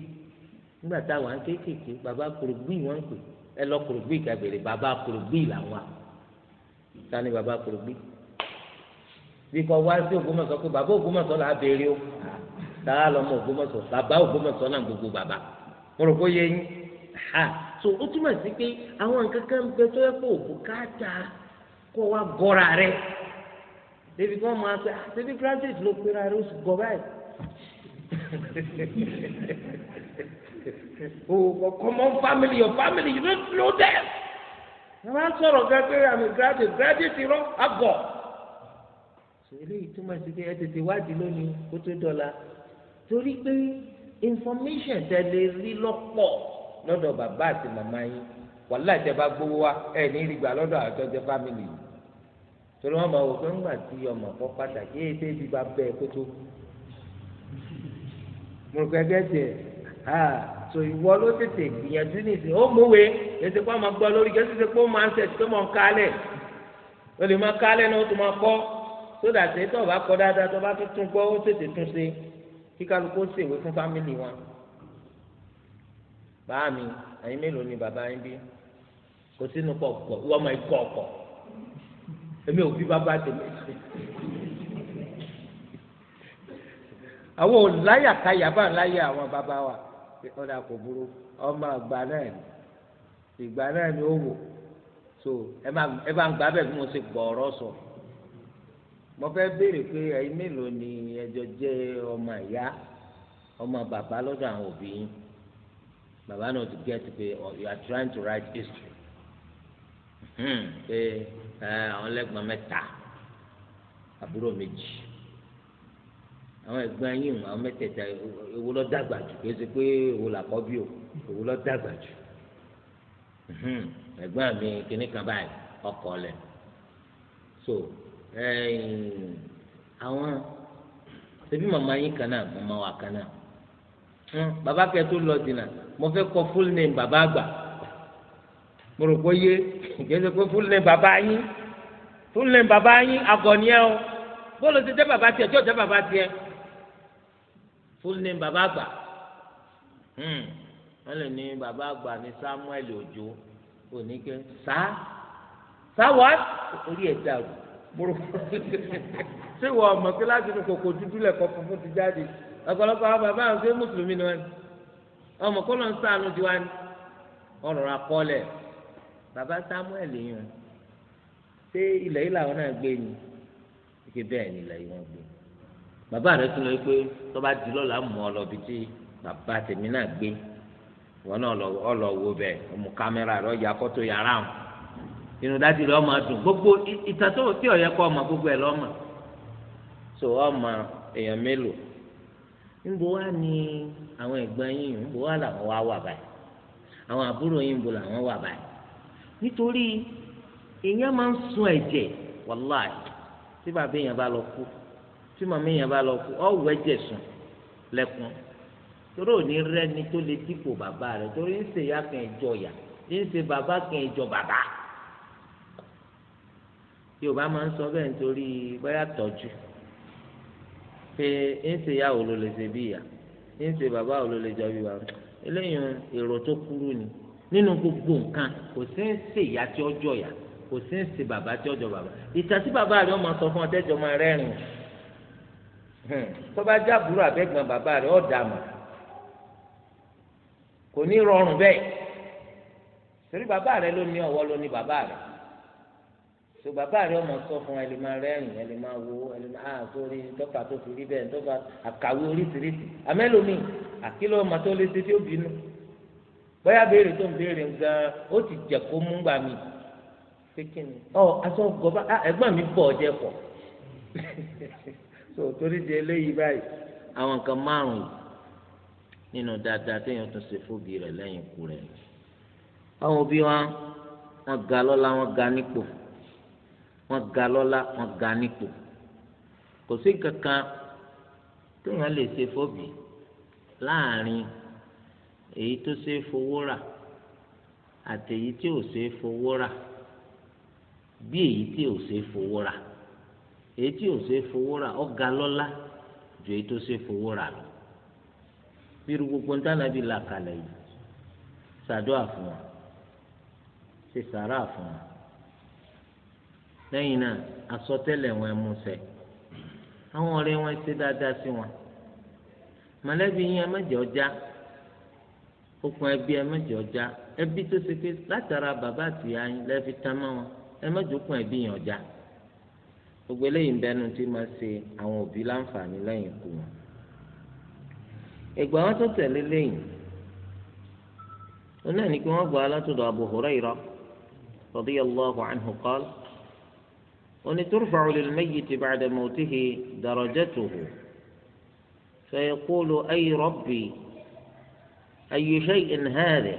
nígbà táwọn kéékèèké bàbá kùrùgbìn wọn ń pè é ẹ lọ kùrùgbì kẹbìrì bàbá kùrùgbì làwọn sani bàbá kùrùgbì bí kò wá sí Ògbómọ̀ṣọ́ pé bàbá Ògbómọ̀ṣọ́ là á béèrè o tàà lọmọ Ògbómọ̀ṣọ́ bàbá Ògbómọ̀ṣọ́ náà gbogbo bàbá mo rò yé yín ha so ó túmọ̀ sí pé àwọn nǹkan kan bẹ tó yẹ kó òkú káàtà kó wá gọ́ra rẹ débi kí wọ́n máa pẹ́ débi graduate ló pera rẹ ó sì báyìí. <laughs> oh common family your family you don't know them ẹ máa ń sọ̀rọ̀ gẹ́gẹ́ àmì graduate graduate irọ́ àgọ̀ eléyìí túmọ̀ sí pé ẹ tètè wádìí lónìí kó tó dọ̀la torí pé information tẹ lè rí lọ́pọ̀ lọ́dọ̀ bàbá àti màmá yín wàhálà tẹ bá gbowó wa ẹ ní rí gbà lọ́dọ̀ àtọ́jẹ family yìí torí wọn máa wò pé ńgbà tí ọmọ kọ pàtàkì èyí tẹ́ ibi bá bẹ́ẹ̀ kó tó mọ̀ọ́kẹ́gẹ́ tiẹ̀ so ìwọ ló tètè gbìyànjú nìsín ó mọ̀wé èsì pé ọmọ gbọ́ lórí kí èsì pé ó máa ń tẹ̀sí pé mọ̀ ń kálẹ̀ ó lè máa kálẹ̀ náà ó tún máa kọ́ sódà tẹ̀ tó bá kọ́ dáadáa tó bá tún tún gbọ́ ó tètè tún ṣe kí kálukú ó ṣèwé fún fámìlì wọn. bàá mi ẹ̀yin mélòó ni bàbá yín bí kò sínú pọ̀ pọ̀ ìwọ ọmọ ikọ̀ ọ̀pọ̀ èmi ò bí bàbá tèmi àwọn ò láyà káyà bá ń láyà àwọn bàbá wa ọ̀dà kò burú ọmọ àgbà náà ni ìgbà náà ni ó wò so ẹ bá ń gbà bẹ́ẹ̀ bí mo ṣe gbọ́ ọ̀rọ̀ sọ mo fẹ́ béèrè pé ẹ̀yin mélòó ni ẹjọ́ jẹ́ ọmọ ìyá ọmọ bàbá lọ́dọ̀ àwọn òbí yín bàbá náà ti get pé oh, you are trying to write history hmm, pé eh, àwọn lẹ́gbọ̀n mẹ́ta àbúrò méjì àwọn ẹgbẹ́ yín àwọn mẹ́tẹ̀ẹ̀ta ewu lọ dàgbà jù kí ẹsẹ pé ewu là kọ́ bí o ewu lọ dàgbà jù hmm, ẹgbẹ́ mi kíní kan báyìí ọkọ̀ lẹ̀ so àwọn ṣebí màmá yín kan náà màmá wa kan náà hmm, bàbá kẹ tó lọ dìnnà mo fẹ́ kọ full name bàbá àgbà mo rò pé yé kí ẹsẹ pé full name bàbá yín full name bàbá yín àgọ̀ ni ẹ o bọ́ọ̀lù ti jẹ́ bàbá tiẹ̀ tí ò jẹ́ bàbá tiẹ̀ full name Baba àgbà hmm. wọ́n lè ní Baba àgbà ní Samuel Òjó oníke sá sá wàá orí ẹ̀ dàrú burú ṣé wọ ọmọ kí láti ní kòkò dúdú lẹkọ funfun ti jáde ọ̀pọ̀lọpọ̀ àwọn Baba. àwọn ṣé mùsùlùmí ni wọ́n ni ọmọ kó lọ ń sàánú ju wa ni ọ̀rọ̀ akọọlẹ bàbá Samuel yìí ṣé ilẹ̀ yìí làwọn náà gbé ni ike bẹ́ẹ̀ ni ilẹ̀ yìí wọ́n gbé ni. bàbá rẹ tún lọ pé tó di lọ́la mọ̀ ọ́ lọ bí tí bàbá tèmi náà gbé wọn náà ọlọ wo bẹ ọmọ kámẹ́rà rẹ ọjà fọ́tò yàrá hàn inú dájú rẹ ọmọ dùn gbogbo ita tí ọ̀yẹ́ kọ ọmọ gbogbo ẹ̀ so ọmọ èèyàn mélòó ńbọ wá ni àwọn ẹ̀gbọ́n yín ńbọ wá làwọn wá wà báyìí àwọn àbúrò yín ńbọ làwọn wà báyìí nítorí èèyàn máa ń sun ẹ̀jẹ̀ wàláì tí bàbá lọ kú tí màmá èèyàn bá lọ kú ọ̀wọ́ ẹ̀jẹ̀ sùn lẹ́kùn torí òní rẹ́ni tó lè dípò bàbá rẹ̀ torí ń ṣe ìyá kan ìjọ ìyá ń ṣe bàbá kan ìjọ bàbá yorùbá máa ń sọ bẹ́ẹ̀ nítorí bóyá tọ́jú pé ń ṣe ìyá òun ló lè ṣe bí ìyá ń ṣe bàbá òun ló lè jọ bí bàbá eléyìí èrò tó kúrú ni nínú gbogbo nǹkan kò sí ń ṣe ìyá tí ọjọ́ ìyá kò sí ń ṣe bàbá tí ọjọ́ bàbá ìtàn tí bàbá rẹ̀ ọmọ sọ fún ọ máa rẹ́rìn-ín tọ́ba jábùrú àbẹ́gbọ̀n bàbá rẹ̀ ọ̀dà mọ̀ kò ní rọrùn bẹ́ẹ̀ torí bàbá rẹ̀ ló ní ọwọ́ ló ní bàbá rẹ̀ so bàbá rẹ̀ ọmọ sọ fún ẹ lè máa rẹ́rìn ẹ lè máa wo ẹ lè máa ah sórí dọ́kà tó fi rí bẹ́ẹ̀ dọ́kà àkàwé oríṣiríṣi àmẹ́lòmíì àkìlọ̀ ọmọ tó lè ṣe tí ó bínú bóyá béèrè tó ń béèrè gan ó ti jẹ kó mú gbà mí pé kí ni ọ aṣọ gọba ah, ẹ̀gbọ́n mi bọ̀ ọ jẹ pọ̀ <laughs> so torí di eléyìí báyìí àwọn nǹkan márùn nínú dáadáa téèyàn tún ṣe fóbi rẹ̀ lẹ́yìn ikú rẹ̀ àwọn òbí wa wọ́n ga lọ́lá wọ́n ga nípò wọ́n ga lọ́lá wọ́n ga nípò kò sí kankan téèyàn lè ṣe fóbi láàrin èyí tó ṣe fowó rà àtèyí tí ò ṣe fowó rà bí èyí tí ò ṣe fowó rà. èyí tí ò ṣe fowó rà ọ̀gá lọ́lá ju èyí tó ṣe fowó rà lọ bírú gbogbo ntànàbí là kalẹ̀ yìí ṣàdúrà fún ṣe sàrà fún lẹ́yìn náà àsọtẹ́lẹ̀ wọn ẹ mú àwọn ọ̀rẹ́ wọn ṣe dáadáa sí wọn mọ̀lẹ́bí yín ẹ má ọjà okùn ẹbí ẹ má ọjà ẹbí tó ṣe pé látara bàbá àtìyá yín lẹ́ẹ̀fi tán mọ́ wọn ẹ gbogbo eléyìí ń bẹnu tí máa ṣe àwọn òbí láǹfààní lẹ́yìn ikú wọn. ìgbà wọn tó tẹ̀lé lẹ́yìn wọn náà ní kí wọ́n gbà á látọ̀dọ̀ Abu Hurairah radiyallahu anhu qala wọn ni turfa'u lil-mayyiti ba'da mawtihi darajatuhu fayaqulu ay rabbi ayyu shay'in hadha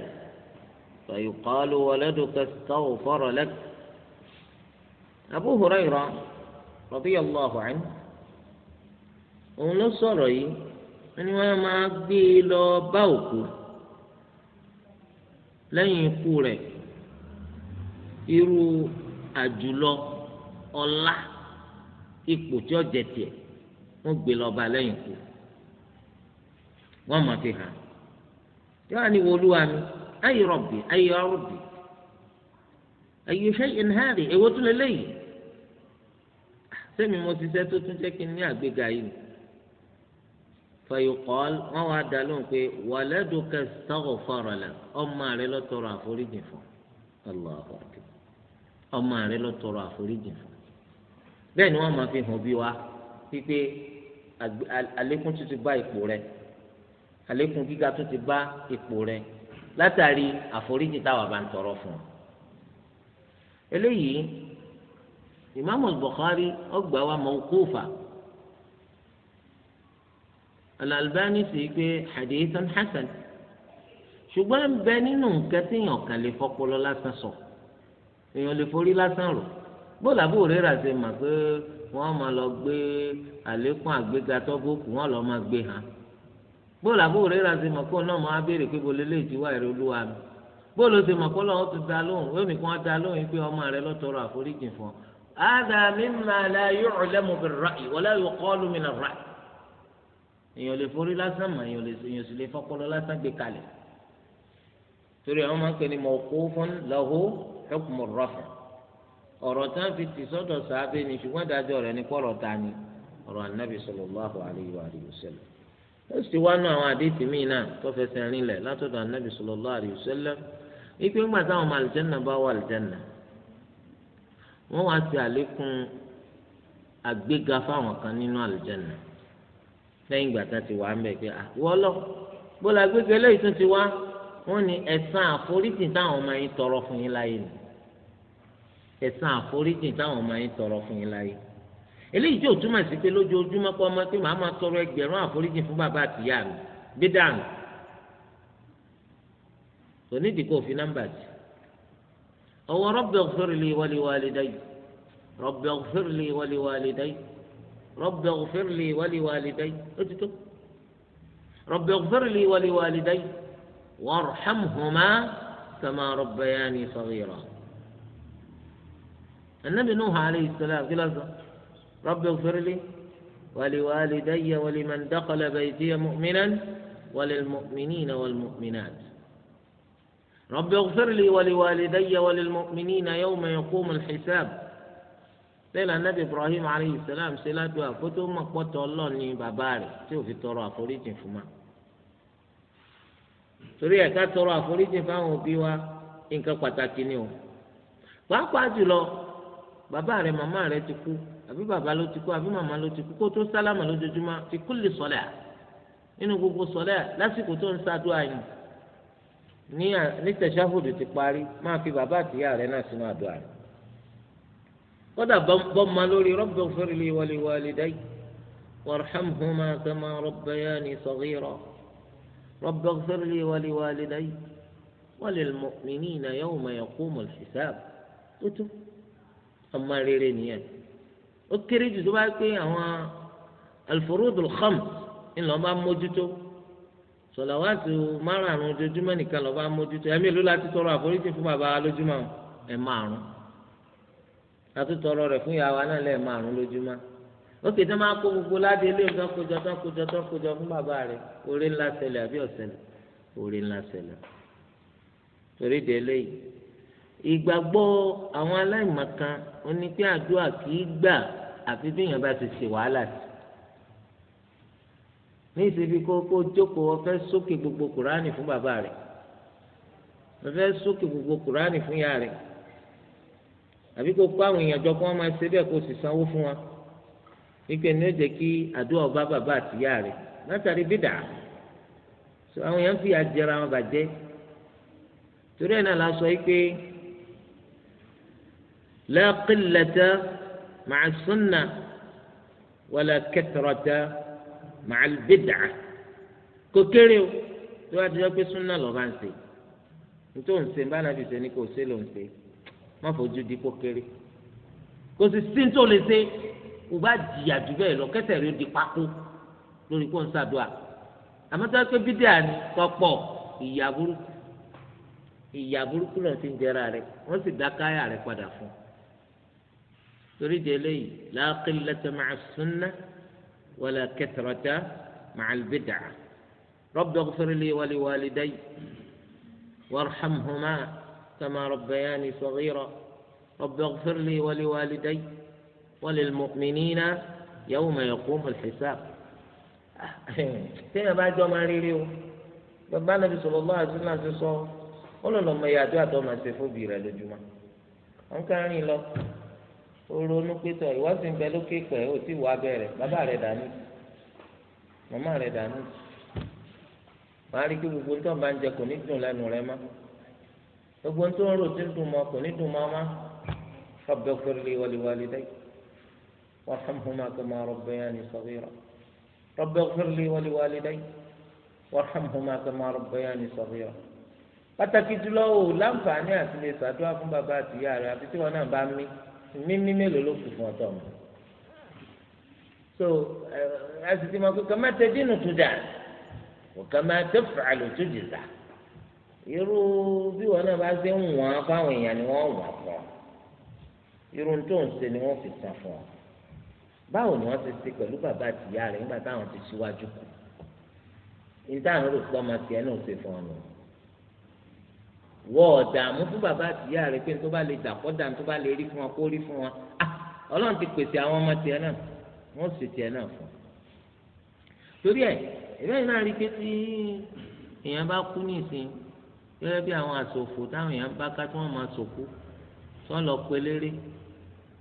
fayuqalu waladuka istaghfara lak Abu ìrọ. radiyallahu anhu òun ló sọ̀rọ̀ yìí wọ́n ní wọ́n máa gbé e lọ bá òkú lẹ́yìn ikú rẹ̀ irú àjùlọ ọlá ipò tí ọ̀jẹ̀ tiẹ̀ wọ́n gbé e lọ bá lẹ́yìn ikú wọ́n máa fi hàn yóò wá ní sẹ́mi mo ṣiṣẹ́ tó tún jẹ́ kí n ní àgbéga yìí fayokọ́l wọ́n wá dá lóhùn pé wàlẹ́dùkẹ́ sọ́kò fọ̀rọ̀lẹ̀ ọmọ rẹ lọ tọrọ àforíjì fún ọlọ́ọ̀kọ́ ọmọ rẹ lọ tọrọ àforíjì fún bẹ́ẹ̀ ni wọ́n máa fi hàn bí wa wípé àlékún tó ti bá ipò rẹ àlékún gíga tó ti bá ipò rẹ látàrí àforíjì táwa bá ń tọrọ fún ọ eléyìí ìmáàmù Bukhari ọgbà wa mawqufa Al-Albani sì pé hadithan hasan ṣùgbọ́n ń bẹ nínú nǹkan téèyàn kàn lè fọpọlọ lásán sọ èèyàn lè forí lásán rò bóòlù àbúrò rẹ̀ rà ṣe mà pé wọ́n máa lọ gbé àlékún àgbéga tọ́gbókù wọ́n lọ́ọ́ máa gbé hàn bóòlù àbúrò rẹ̀ rà mà kó náà máa pé bolè lè jíwá ẹ̀rọ olúwa mi bóòlù ṣe mà kó lọ́wọ́ ti da lóhùn lónìí kí wọ́n da lóhùn pé ọmọ rẹ̀ lọ́tọ̀ọ̀rọ̀ àforíjì fún ọ هذا مما لا يعلم بالرأي ولا يقال من الرأي èèyàn lè forí lásán mọ èèyàn lè èèyàn sì lè fọpọlọ lásán gbé kalẹ̀ torí àwọn máa ń pè ní mawqufun lahu hukmu rafa ọ̀rọ̀ tí wọn fi tì sọ́dọ̀ sàábé ni ṣùgbọ́n dájọ́ rẹ̀ ní kọrọ ta ni ọ̀rọ̀ anabi sallallahu alayhi wa alihi wa sallam ó sì wá nú àwọn àdéhìí míì náà tó fẹsẹ̀ rinlẹ̀ látọ̀dọ̀ anabi sallallahu alayhi wa sallam ìpínpà táwọn ọmọ àlùjẹ́nà bá wà àlùjẹ́nà wọ́n wá sí àlékún àgbéga fáwọn kan nínú àlùjánnà lẹ́yìn ìgbà tá a ti wà ń bẹ̀ pé àwọlọ ah, bó la gbégbé eléyìí tún ti wá wọ́n ní ẹ̀san àforíjì táwọn ọmọ yín tọrọ fún yín láyé ni ẹ̀san àforíjì táwọn ọmọ yín tọrọ fún yín láyé eléyìí tí ò túmọ̀ sí pé lójoojúmọ́ kọ́ ọmọ pé màá máa tọrọ ẹgbẹ̀rún àforíjì fún bàbá àtìyá mi gbé dànù kò nídìí kó fi nọ́mbà jì هو رب اغفر لي ولوالدي رب اغفر لي ولوالدي رب اغفر لي ولوالدي اكتب رب اغفر لي ولوالدي وارحمهما كما ربياني صغيرا النبي نوح عليه السلام قال رب اغفر لي ولوالدي ولمن دخل بيتي مؤمنا وللمؤمنين والمؤمنات رب اغفر لي ولوالدي وللمؤمنين يوم يقوم الحساب lẹ́la nàbì ibrahim aleyhi salam ṣe ládùúgbò àkótó mọ̀pọ̀tọ̀ ọlọ́ọ̀ni bàbá rẹ̀ tí ò fi tọrọ àforíjì fún ma. torí ẹ̀ ká tọrọ àforíjì fáwọn òbí wa nǹkan pàtàkì ni o. pàápàá jùlọ bàbá rẹ̀ màmá rẹ̀ ti kú àbí bàbá ló ti kú àbí màmá ló ti kú kó tó sálámà lójoojúmọ́ ti kú lè sọ̀lẹ̀ à nínú gbogbo sọ̀lẹ̀ à lásìkò tó ń ṣàdúrà yìí ní ní tẹ̀síáfòdù ti parí máa fi bàbá àtìyá rẹ̀ náà sínú àdúrà rẹ̀ kódà bọ́mọ lórí rabbi firli wa li walidayya warhamhuma kama rabbayani saghira rabbi firli wa li walidayya wa lil mu'minina yawma yaqumul hisab tó tó ọmọ rere nìyẹn ó kéré jù tó bá pé àwọn al-furudul khams ńlọ mójútó sọ̀làwátì márùn-ún ojoojúmọ́ nìkan lọ́ọ́ bá mójútó ẹ̀mí ìlú láti tọrọ àforíjì fún bàbá wa lójúmọ́ ẹ̀ márùn-ún láti tọrọ rẹ̀ fún ìyàwó náà lẹ́ẹ̀ márùn-ún lójúmọ́ ó kì í tán máa kó gbogbo ládé ilé ìtàn kójọ tán kójọ tán kójọ fún bàbá rẹ̀ oore ńlá ṣẹlẹ̀ àbí ọ̀ṣẹlẹ̀ oore ńlá ṣẹlẹ̀ torí de eléyìí ìgbàgbọ́ àwọn aláìmọ̀kan ó ní pé àdúrà kì í gbà àfi bí èèyàn bá ti ṣe wàhálà sí ní ìsèbí kó kó jókòó ọfẹ́ sókè gbogbo kùránì fún bàbá rẹ̀ ọfẹ́ sókè gbogbo kùránì fún ìyá rẹ̀ àbí kó kó àwọn èèyàn jọ kó wọn máa ṣe bẹ́ẹ̀ kó sì sanwó fún wọn wípé ní ó jẹ́ kí àdúrà ọba bàbá àtìyá rẹ̀ látàrí bídà so àwọn èèyàn fi àjẹrà wọn bàjẹ́ torí ẹ̀ náà la sọ wípé la qillata ma'a sunna wala kathrata màálù bídà kò kéré o tó bá dijọ́ pé súnà lọ́ba ń ṣe nítorí òun ṣe ń bá nàbì ṣe ni kò ṣe lòun ṣe má fojú di kó kéré kò sì sí tó lè ṣe kò bá jìyà jù bẹ́ẹ̀ lọ kẹsẹ̀ rẹ di pákó lórí kó ń ṣàdúrà àmọ́ pé bídà ni tọpọ̀ ìyà burúkú ìyà burúkú náà ti ń jẹra rẹ wọ́n sì dá káyà padà fún un torí di eléyìí la qillata ma'a ولا كثرة مع البدعة رب اغفر لي ولوالدي وارحمهما كما ربياني صغيرا رب اغفر لي ولوالدي وللمؤمنين يوم يقوم الحساب تينا بعد jọ máa بابا o صلى الله عليه وسلم àti náà ti sọ ó lọ lọ mọ ìyá àdúrà ó ronú pé tọ ìwọ sì ń bẹ lókè pẹ ó sì wọ abẹ rẹ bàbá rẹ dànù màmá rẹ dànù màá rí kí gbogbo nítorí bá ń jẹ kò ní dùn lẹ́nu rẹ mọ́ gbogbo nítorí ń rò tí ń dùn mọ́ kò ní dùn mọ́ mọ́ ربغفر لي ولوالدي وارحمهما كما ربياني صغيرا رب اغفر لي ولوالدي وارحمهما كما ربياني صغيرا pàtàkì jùlọ ò láǹfààní àti lè ṣàdúrà fún bàbá àtìyá rẹ àfi tí wọn náà bá mí mímí mélòó ló kù fún ọtọ mọ so ẹsì ti máa kó kàmá tẹdínù tó dà wò kàmá tẹ fàlù tó jìzà irú bí wọn náà bá ṣe ń wọn fáwọn èèyàn ni wọn wọn fún ọ irun tó ń ṣe ni wọn fi san fún ọ báwo ni wọn ti ṣe pẹ̀lú bàbá àtìyá rẹ nígbà táwọn ti ṣíwájú kù ní táwọn rò pé ọmọ tiẹ̀ náà ṣe fún ọ nù wọ ọ̀dààmú fún bàbá àtìyá rẹ pé tó bá lè dàpọ̀ dà tó bá lè rí fún wọn kó rí fún wọn ah, ọlọ́run ti pèsè àwọn ọmọ tiẹ̀ náà wọ́n sì tiẹ̀ náà fún un torí ẹ̀ ìbẹ́yìn náà rí pé tí èèyàn bá kú ní ìsìn gẹ́gẹ́ bí àwọn àsòfò táwọn èèyàn bá ká tí wọ́n máa sòkú tí wọ́n lọ pe léré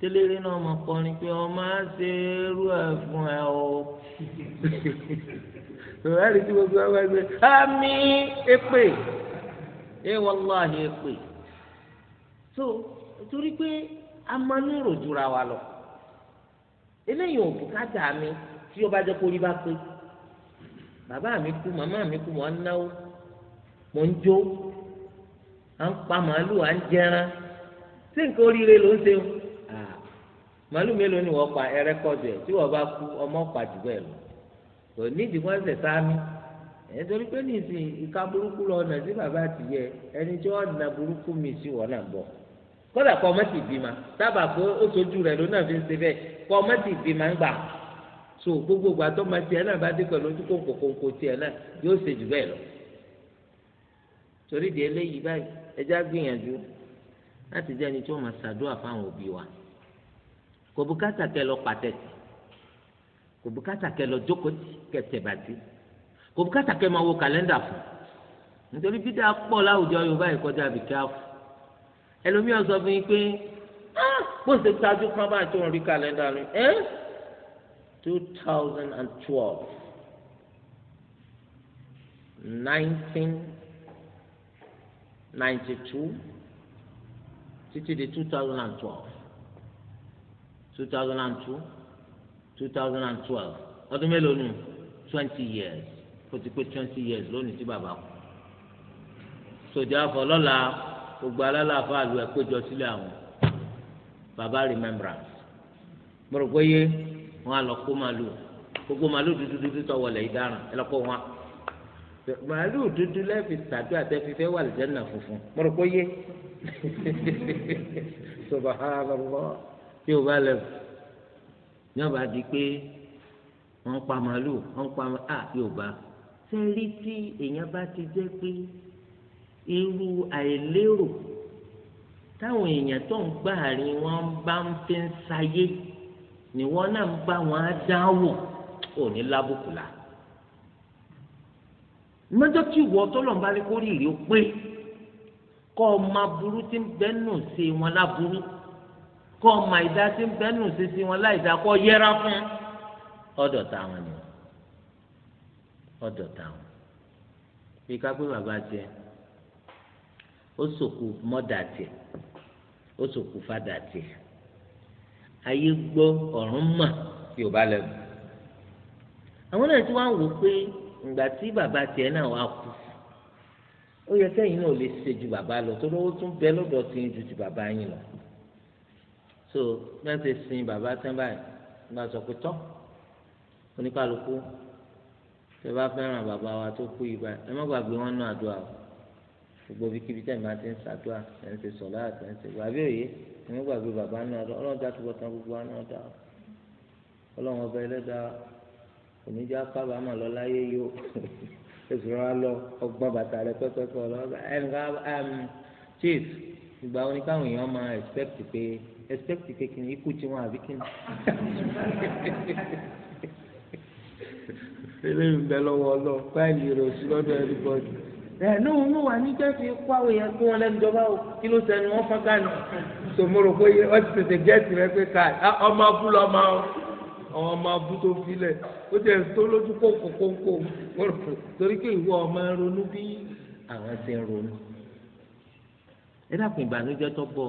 téléré náà máa kọrin pé ọmọ á ṣe irú ẹ̀ fún ẹ o ìwádìí <laughs> tí gbogbo ọmọ ẹgbẹ́ àmì èpè ẹ wàláhì ẹ pè so torí pé a máa ní ròjúra wa lọ eléyìí ò bùkátà mi tí ó bá jẹ́ kó rí bá pé bàbá mi kú màmá mi kú mò ń náwó mò ń jó à ń pa màálù à ń jẹran sí nǹkan oríire ló ń ṣe o màálù mélòó ni wọ́n pa ẹrẹ́kọ̀dù ẹ̀ tí wọ́n bá kú ọmọ pa jù bẹ́ẹ̀ lọ kò nídìí wọ́n ṣẹ̀ sáá mi nítorí pé nìsín ìka burúkú lọ ọ̀nà sí bàbá àtìyẹ ẹni tí wọ́n na burúkú mi sí wọ́n náà bọ̀ kódà kọ́ ọmọ ti bímọ sábà pé ó sojú rẹ̀ ló náà fi ń ṣe bẹ́ẹ̀ kọ́ ọmọ ti bímọ ń gbà so gbogbo ìgbà tó ma tiẹ̀ náà bá dé pẹ̀lú ojú kòkò kòkò tiẹ̀ náà yóò ṣe jù bẹ́ẹ̀ lọ torí di eléyìí báyìí ẹjá gbìyànjú láti jẹ́ ẹni tí wọ́n máa ṣàdúrà fáwọn òbí wa kò kẹ lọ pàtẹ́tì kò kẹ lọ jókòtì kẹtẹ̀ kò bùkátà kẹ́ máa wo kàlẹ́ndà fún nítorí bídà pọ̀ láwùjọ yorùbá yìí kọjá àbíkẹ́ àfọ ẹlòmíràn sọ fún yín pé ah, bó ṣe ṣáájú kan báyìí tó ń rí kàlẹ́ndà rẹ ẹ́ two thousand and twelve nineteen ninety two títí di two thousand and twelve two thousand and two two thousand and twelve ọdún mélòó nù twenty years ó ti pé twenty years lónìí tí bàbá kú sòdì àfọlọ́la gbogbo alálàáfà lu ẹ̀pẹ́jọ sílẹ̀ àwọn bàbá remembrance mo rò pé yé wọn á lọ kó màlúù gbogbo màlúù dúdú dúdú tọwọ́ lẹ̀ ìdáràn ẹ lọ kó wọn màlúù dúdú lẹ́ẹ̀fì tàdú àtẹ́fífẹ́ wà lìjẹ́nà funfun mo rò pé yé <laughs> subahánàlọ́ tí o bá lẹ̀ ní ọba di pé wọ́n pa màlúù wọ́n pa màlúù à yóò bá sẹ́rí tí èèyàn bá ti jẹ́ pé irú àìlérò táwọn èèyàn tó ń gbà rí wọn bá ń fi ń sayé ni wọn náà ń bá wọn dáwò ò ní lábùkù la mọ́jọ́ tí ìwọ tọ́lọ̀ ń bá lé kórì rí o pé kọ́ ọ burú tí ń bẹ́nu ṣe wọn láburú kọ́ ọ ìdá tí ń bẹ́nu sí wọn láìdá kọ́ yẹra fún ọ̀dọ̀ táwọn ni ọ̀dọ̀ táwọn bí kápẹ́ bàbá tiẹ̀ ó sòkù mọ́dà tiẹ̀ ó sòkù fàdà tiẹ̀ ayé gbọ́ ọ̀run mà yorùbá lẹ́nu àwọn náà ti wá wò pé ìgbà tí bàbá tiẹ̀ náà wá kú ó yẹ kẹ́yìn náà lè ṣe ju bàbá lọ tó lówó tún bẹ lọ́dọ̀ sí ju ti bàbá yín lọ so bẹ́ẹ̀ ti sin bàbá tán báyìí bá sọ pé tọ́ oníkàlùkù tẹ bá fẹ́ràn bàbá wa tó kú yìí báyìí ẹ má gbàgbé wọn náà àdúrà o gbogbo bíkíbi tẹ̀ máa ti ń ṣàdúrà ẹ̀ ń ṣe sọ̀lá àti ẹ̀ ń ṣe gbàgbé òye ẹ má gbàgbé bàbá náà àdúrà ọlọ́run ti àtúbọ̀ tán gbogbo wa náà dá o ọlọ́run ọba ẹlẹ́dàá oníjà kábàámọ̀ lọ láyé yìí o èsì rẹ wá lọ ọgbọ́n bàtà rẹ pẹ́pẹ́pẹ́ ọlọ́run ẹnìkan chief ìgbà wo ni káwọn èèyàn máa expect pé expect pé kí ni ikú tiwọn àbí <laughs> eléyìí ń bẹ lọ́wọ́ ọlọ́ fáìlì rẹ̀ sí lọ́dọ̀ ẹ̀ríkọ́dì. ẹ̀ náà ń wà ní jẹ́sí pàwé yẹn kí wọ́n lẹ́nu jọba o kí ló sẹ́ni wọ́n fọ́n gánà. sòmòrò pé ọ ti tètè gẹ́ẹ̀tì rẹ pé ká ọmọ abú lọ máa ọ àwọn ọmọ abú tó filẹ̀ ó jẹ́ tó lójú kókó kókó torí pé ìwọ ọmọ ronú bí àwọn ti ronú. ẹ dákun ìbànújẹ́ tó bọ̀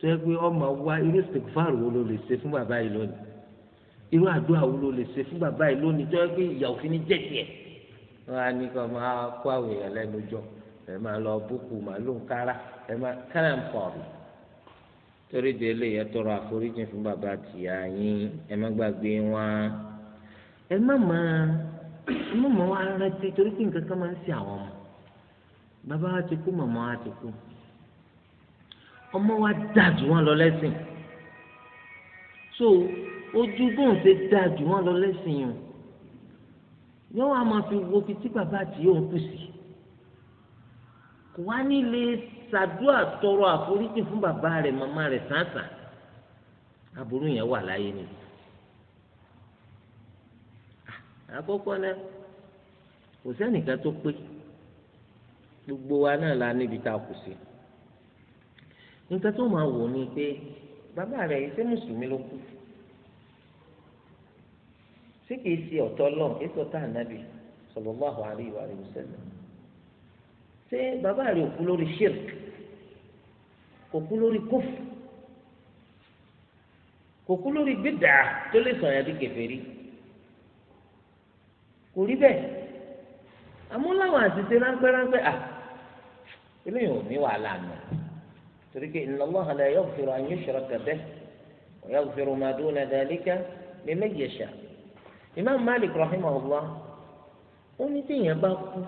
tó yẹ pé ọmọ wa irú ìsìnkú fáàrù ló lè ṣe fún bàbá yìí lónìí irú àdúrà wo ló lè ṣe fún bàbá yìí lónìí tó yẹ pé ìyà òfin ní jẹ̀jẹ̀ wọn á ní kó máa kó àwọn èèyàn lẹ́nu jọ ẹ máa lọ búkú màálù kára ẹ máa kára ń pọ̀rọ̀ torí de eléyìí ẹ tọrọ àforíjì fún bàbá tìyá yín ẹ má gbàgbé wọn ẹ má máa ẹ má máa wá rántí torí pé nǹkan kan máa ń ṣe àwọn ọmọ bàbá wa ti kú màmá wa ti kú ọmọ wa dà wọn lọ lẹ́sìn so ojú bóun ṣe dáa jù wọ́n lọ lẹ́sìn yìí yóò wá máa fi wo fi tí bàbá àti yóò ń kù sí kò wá nílé ṣàdúrà tọrọ àforíjì fún bàbá rẹ̀ màmá rẹ̀ sàǹsà aburú yẹn wà láyé ni ah, àkọ́kọ́ náà kò sẹ́nìkan tó pé gbogbo wa náà la níbi tá a kù sí nǹkan tó máa wò ni pé bàbá rẹ̀ yìí mùsùlùmí ló kù sí kìí ṣe ọ̀tọ̀ lọ́n kìí ṣe ọ̀tá ànábì sallallahu alaihi wa alihi wasallam ṣé bàbá rẹ̀ òkú lórí shirk kò kú lórí kófù kò kú lórí bídà tó lè sọ̀yàn bí kèfèrí kò rí bẹ́ẹ̀ amúláwọn àṣìṣe ránpẹ́ ránpẹ́ à eléyìí ò ní wàhálà nù torí pé inna Allaha la yaghfiru an yushraka ma duna dhalika Imam Malik rahimahullah ó ní téèyàn bá kú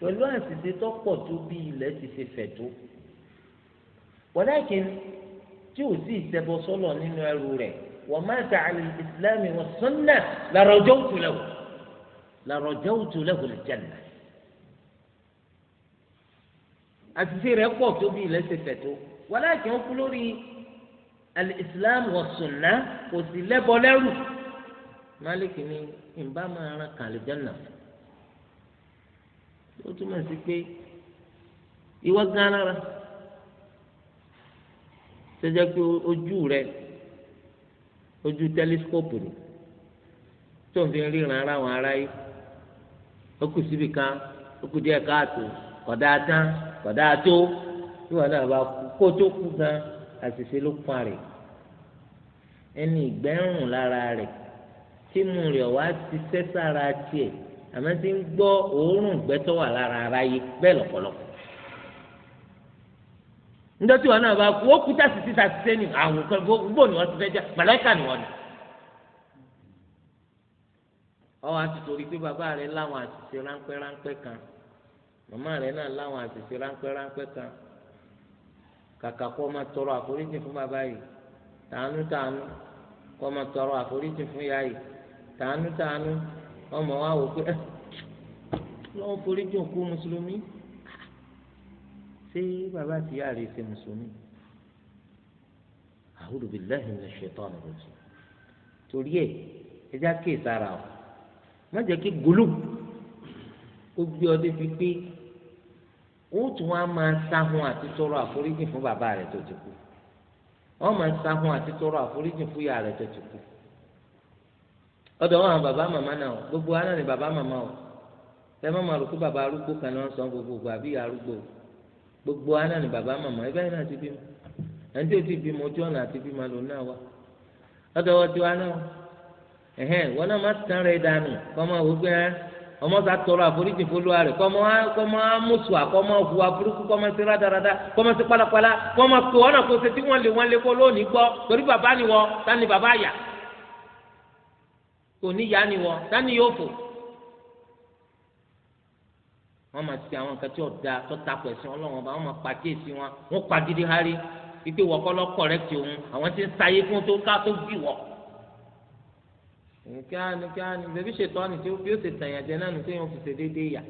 pẹ̀lú àṣìṣe tó pọ̀ tó bí ilẹ̀ ti ṣe fẹ̀ tó walakin tí ò sí ìṣẹbọ sọlọ nínú ẹrù rẹ̀ wa mata ala al-islam wa sunnah la rajawtu lahu la rajawtu lahu al-jannah àṣìṣe rẹ̀ pọ̀ tó bí ilẹ̀ ṣe fẹ̀ tó walakin ó kú lórí al-islam wa sunnah kò sí lẹ́bọ lẹ́rù. Malik ní ìbá máa ran kàn lè jẹ́nà ó túmọ̀ sí pé ìwọ gan lára ṣe jẹ́ pé ojú rẹ ojú tẹlifíkópù ni tó ń fi ríran ara wọn ara yìí ó kù síbi kan ó kù díẹ̀ káàtó kọ̀dá tán kọ̀dá tó ìwọ náà bá kó tó kú gan àṣìṣe ló pọn rẹ̀ ẹni ìgbẹ́rùn lára rẹ̀ tí mu rẹ̀ wá ti sẹ́ sára tiẹ̀ àmọ́ tí ń gbọ́ òórùn gbẹ́tọ́ wà lára ara yìí bẹ́ẹ̀ lọ́pọ̀lọpọ̀ ndọ́tí wọn náà bá kú ó kúta sí síta sí sẹ́ni àwọn kan gbogbo ni wọ́n ti fẹ́ jẹ́ màláìka ni wọ́n ni. ọwọ́ àti torí pé bàbá rẹ̀ láwọn àṣìṣe ráńpẹ́ ráńpẹ́ kan màmá rẹ̀ náà láwọn àṣìṣe ráńpẹ́ ráńpẹ́ kan kàkà kó máa tọrọ àforíjì fún bàbá yìí tàánú tàánú kọ́ máa tọrọ àforíjì fún ìyá yìí tàánú tàánú ọmọ wa wò pé eh, lọ́wọ́ foríjì òkú mùsùlùmí ṣé bàbá àti ìyá rẹ̀ ṣe mùsùlùmí a'udhu billahi minash shaitani rajim torí ẹ̀ ẹ já kéè sára o má jẹ́ kí gòlù ó gbé ọdẹ fi pé ó tún wá máa sáhùn àti tọrọ àforíjì fún bàbá rẹ̀ tó ti kú. wọ́n máa ń sahun àti tọrọ àforíjì fún ìyá rẹ̀ tó ti kú ọ̀dọ̀ wọn àwọn bàbá màmá náà gbogbo wa náà ni bàbá màmá o ẹ má máa rò pé bàbá arúgbó kan gbogbo ògbà àbí ìyá arúgbó gbogbo wa náà ni bàbá màmá ẹgbẹ́ yìí náà ti bímọ ẹni tí ó ti bímọ ojú ọ̀nà àti bímọ lò náà wá ọ̀dọ̀ wọn ti wá náà ẹ̀hẹ́n wọn náà má tán rẹ̀ dànù kọ́ máa ọmọ sá tọrọ àforíjì fọlúwa rẹ kọmọ kọmọ amúsùà kọmọ hùwà burúkú kọmọ sí rádaràda kọmọ sí pálapàla kọmọ tó ọ̀nà kó ṣe tí wọ́n lè wọ́n lè kó lónìí gbọ́ torí bàbá ni wọ́n tani bàbá yà kò ní yá ni wọ́n tani yóò fò wọ́n máa ti àwọn nǹkan tí ò da tó takò ẹ̀sìn ọlọ́wọ́n bá wọ́n máa pàkíyèsí wọn wọ́n pa gidi hárí wípé wọ́kọ́ lọ́ kọ̀rẹ́kì òun àwọn ti ń sáyé fún tó ká tó bí wọ́n kíáni kíáni bẹbí ṣètò ọ̀nì tí bí ó ṣe tàn yàn jẹ náà ní sẹ́yìn òfìsè déédéé yà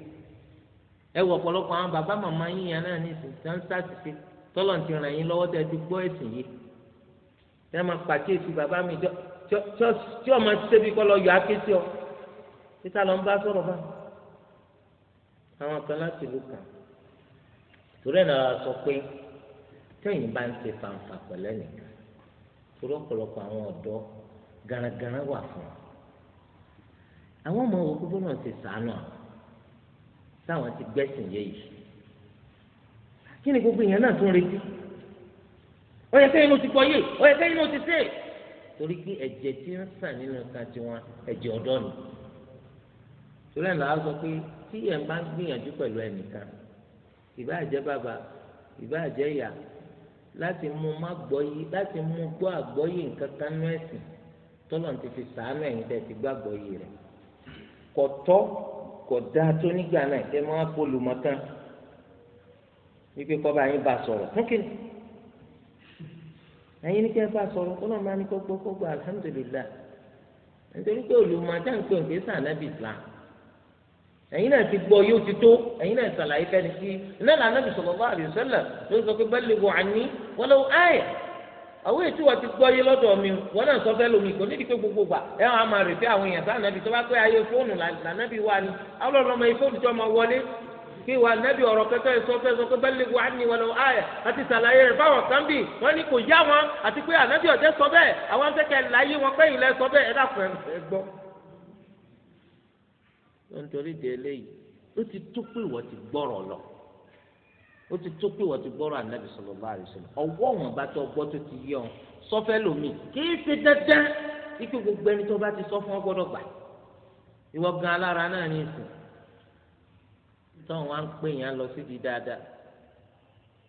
ẹ wọ ọ̀pọ̀lọpọ̀ àwọn bàbá màmá yín yàn náà ní ìsìn tí wọ́n ń ṣàṣìṣe tọ́lọ̀ ti ràn yín lọ́wọ́ tẹ́ ti gbọ́ ẹ̀sìn yìí tẹ́ máa pàkíyèsí bàbá mi tí ọmọ ti ṣe bí kọ́ lọ yọ akéṣí ọ títà lọ ń bá sọ̀rọ̀ bá àwọn kan láti ìlú kan torí ẹ̀ náà sọ pé tẹ́yìn bá ń ṣe fàǹfà pẹ̀lẹ́ nìkan torí ọ̀pọ̀lọpọ̀ àwọn ọ̀dọ́ garagara wà fún wọn àwọn ọmọ òkú bọ́lá ti sànù à táwọn ti gbẹ́sìn yẹ yìí kí ni gbogbo èèyàn náà tún retí ó yẹ kẹ́yìn ló ti gbọ́yé ó yẹ kẹ́yìn ló ti sè torí pé ẹ̀jẹ̀ tí ń sàn nínú ọ̀sán tiwọn ẹ̀jẹ̀ ọ̀dọ́ ni torí ẹ̀ làá sọ pé tí ẹ̀ bá ń gbìyànjú pẹ̀lú ẹnìkan ìbáà jẹ́ bàbá ìbáà jẹ́ ìyá láti mú má gbọ́ yìí láti mú gbọ́ àgbọ́yé nǹkan kan nú ẹ̀sìn tọ́lọ́n ti fi sàánú ẹ̀yìn tẹ̀ ti gbàgbọ́ yìí rẹ̀ kọ̀tọ́ kọ̀dá tó nígbà náà kẹ́ máa polù mọ́kàn wípé kọ́ bá yín bá sọ̀rọ̀ fún kí ni ẹ̀yin ní kí ẹ bá sọ̀rọ̀ kó náà máa ní kó gbọ́ kó gbọ́ alhamdulilayi nítorí pé olùmọ̀ ajá ń pè nǹkan sàn nábì islam ẹ̀yin náà ti gbọ́ yóò ti tó ẹ̀yin náà ṣàlàyé fẹ́ni sí iná làánà bìsọ̀rọ̀ bá àbí sẹ́lẹ̀ ló sọ pé bẹ́ẹ̀ lè wọ̀ àní wọ́n lọ́wọ́ ayẹ̀ àwọn ètò wa ti gbọ́ yé lọ́dọ̀ mi wọn náà sọ fẹ́ lomi kò ní gbogbo gba ẹ wọn a máa rètí àwọn èèyàn sáà nàbì tó bá pé ayé fóònù lànàbì wà ní ọlọ́run ọmọ yìí fóònù tó máa wọlé kí wà nàbì ọ̀rọ̀ kẹ́kẹ́ sọ fẹ́ sọ pé bẹ́ẹ̀ lè wà ní wọn lọ ayẹ àti sàlàyé rẹ̀ báwọn kan bì wọ́n ní kò yá wọn àti pé ànàbì ọ̀jẹ́ sọ bẹ́ẹ̀ àwọn akẹ́kẹ́ láyé wọn sọ ó ti tó pé wọ́n ti gbọ́rọ̀ ànábì sallallahu alaihi wasallam ọwọ́ wọn bá tó gbọ́ tó ti yẹ ọ sọfẹ́ lomi kìí ṣe dandan ikú gbogbo ẹni tó bá ti sọ fún ọ gbọ́dọ̀ gbà ìwọ gan alára náà ní ìsìn tọ́hún wá ń pè yàn lọ sídìí dáadáa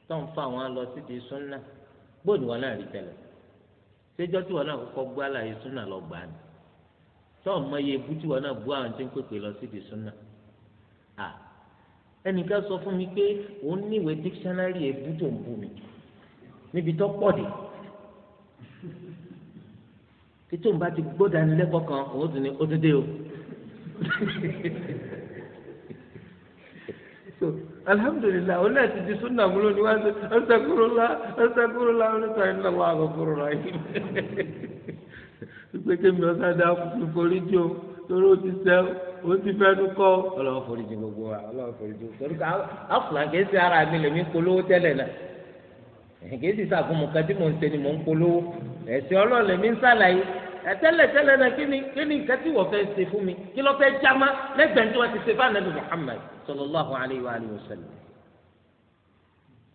tọ́hún fà wọ́n lọ sídìí súnà gbóòdì wọn náà rí tẹ̀lẹ̀ ṣéjọ́ tí wọn náà kọ́kọ́ gbọ́ àlàyé súnà lọ gbà ni tọ́hún mọ iye ebú wọn náà bú àwọn tí ń pèpè lọ sídìí súnà ẹnìkan sọ fún mi pé òun níwèé dictionary èbú tó ń bù mí níbi tó pọ̀ dé títí òun bá ti gbọ́dọ̀ ànilẹ́kọ̀ọ́ kan òun sì ní ó dédé o so alhamdulilayi o náà ti di sunna múlò ní wáṣẹ ọsàkúrúlá ọsàkúrúlá ọlọsà ìlànà àgọkúrúlá yìí pé kémi ọsàdá forí jọ torí o ti sẹ o ti fẹnu kọ Ọlọ́run foríjì gbogbo wa Ọlọ́run foríjì torí ká àfúlà kìí ṣe ara mi lèmi polówó tẹ́lẹ̀ náà kìí ṣe sàkúmù kan tí mò ń ṣe ni mò ń polówó ẹ̀sìn Ọlọ́run lèmi ń ṣàlàyé ẹtẹlẹ tẹlẹ náà kí ni kí ni nǹkan tí wọ́n fẹ́ ṣe fún mi kí ló fẹ́ já má lẹ́gbẹ̀ẹ́ tí wọ́n ti ṣe fún anabi Muhammad sallallahu alayhi wa alihi wa sallam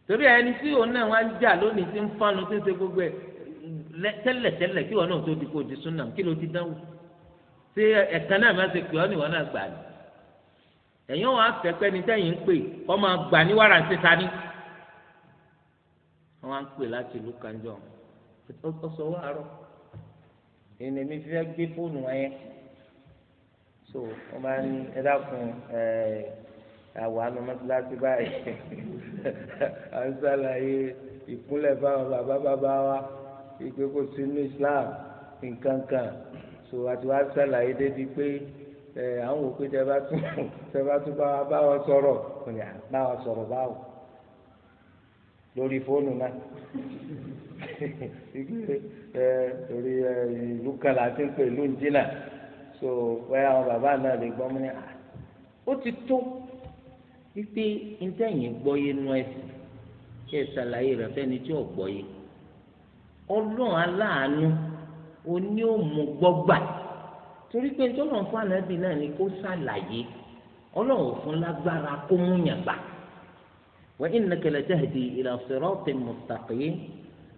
torí ẹni tí òun náà wá ń jà lónìí tí ń fánu tí ń ṣe gbogbo ẹ tẹ́lẹ̀ tẹ́lẹ̀ kí wọ́n náà tó di kó di sunnah kí ló ti dáwọ́ ṣé ẹ̀kan náà máa ṣe pé ọ́ nìwọ́n náà gbà ní. ẹ̀yin wọn afẹ́pẹ́ ni sẹ́yìn ń pè kọ́ máa gbà ní wàrà ń ṣèta ní. wọ́n á ń pè láti ìlú kanjọ́ ó sọ wá àárọ̀ ènìyàn mi fẹ́ gbé fóònù ẹ̀yẹ. so wọ́n bá ní ẹ dákun àwọn àna mọ́tíláṣí báyìí <laughs> à ń ṣàlàyé ìkúnlẹ̀ fáwọn bàbá bàbá wa ìgbé kò sínú Islam nǹkan kan. so àti wàá sàlàyé débi pé ẹ àwọn òpin tẹ bá tẹ bá tún bá bá wọn bá wọn sọ̀rọ̀ báwò lórí fóònù náà <laughs> ẹ lórí ẹ ìlú kan láti ń pè ìlú ń so wẹ́n àwọn bàbá náà lè gbọ́ à ó ti tó wípé kí ẹ fẹ́ni tí ò ọlọ́run aláàánú. oní òmù gbọ́gbà torí pé ntọ́lọ́run fún ànábì náà ni kó ṣàlàyé ọlọ́run fún lágbára kó múyàn gbà wọ́n yìí nà wa innaka di ila siratin mustaqim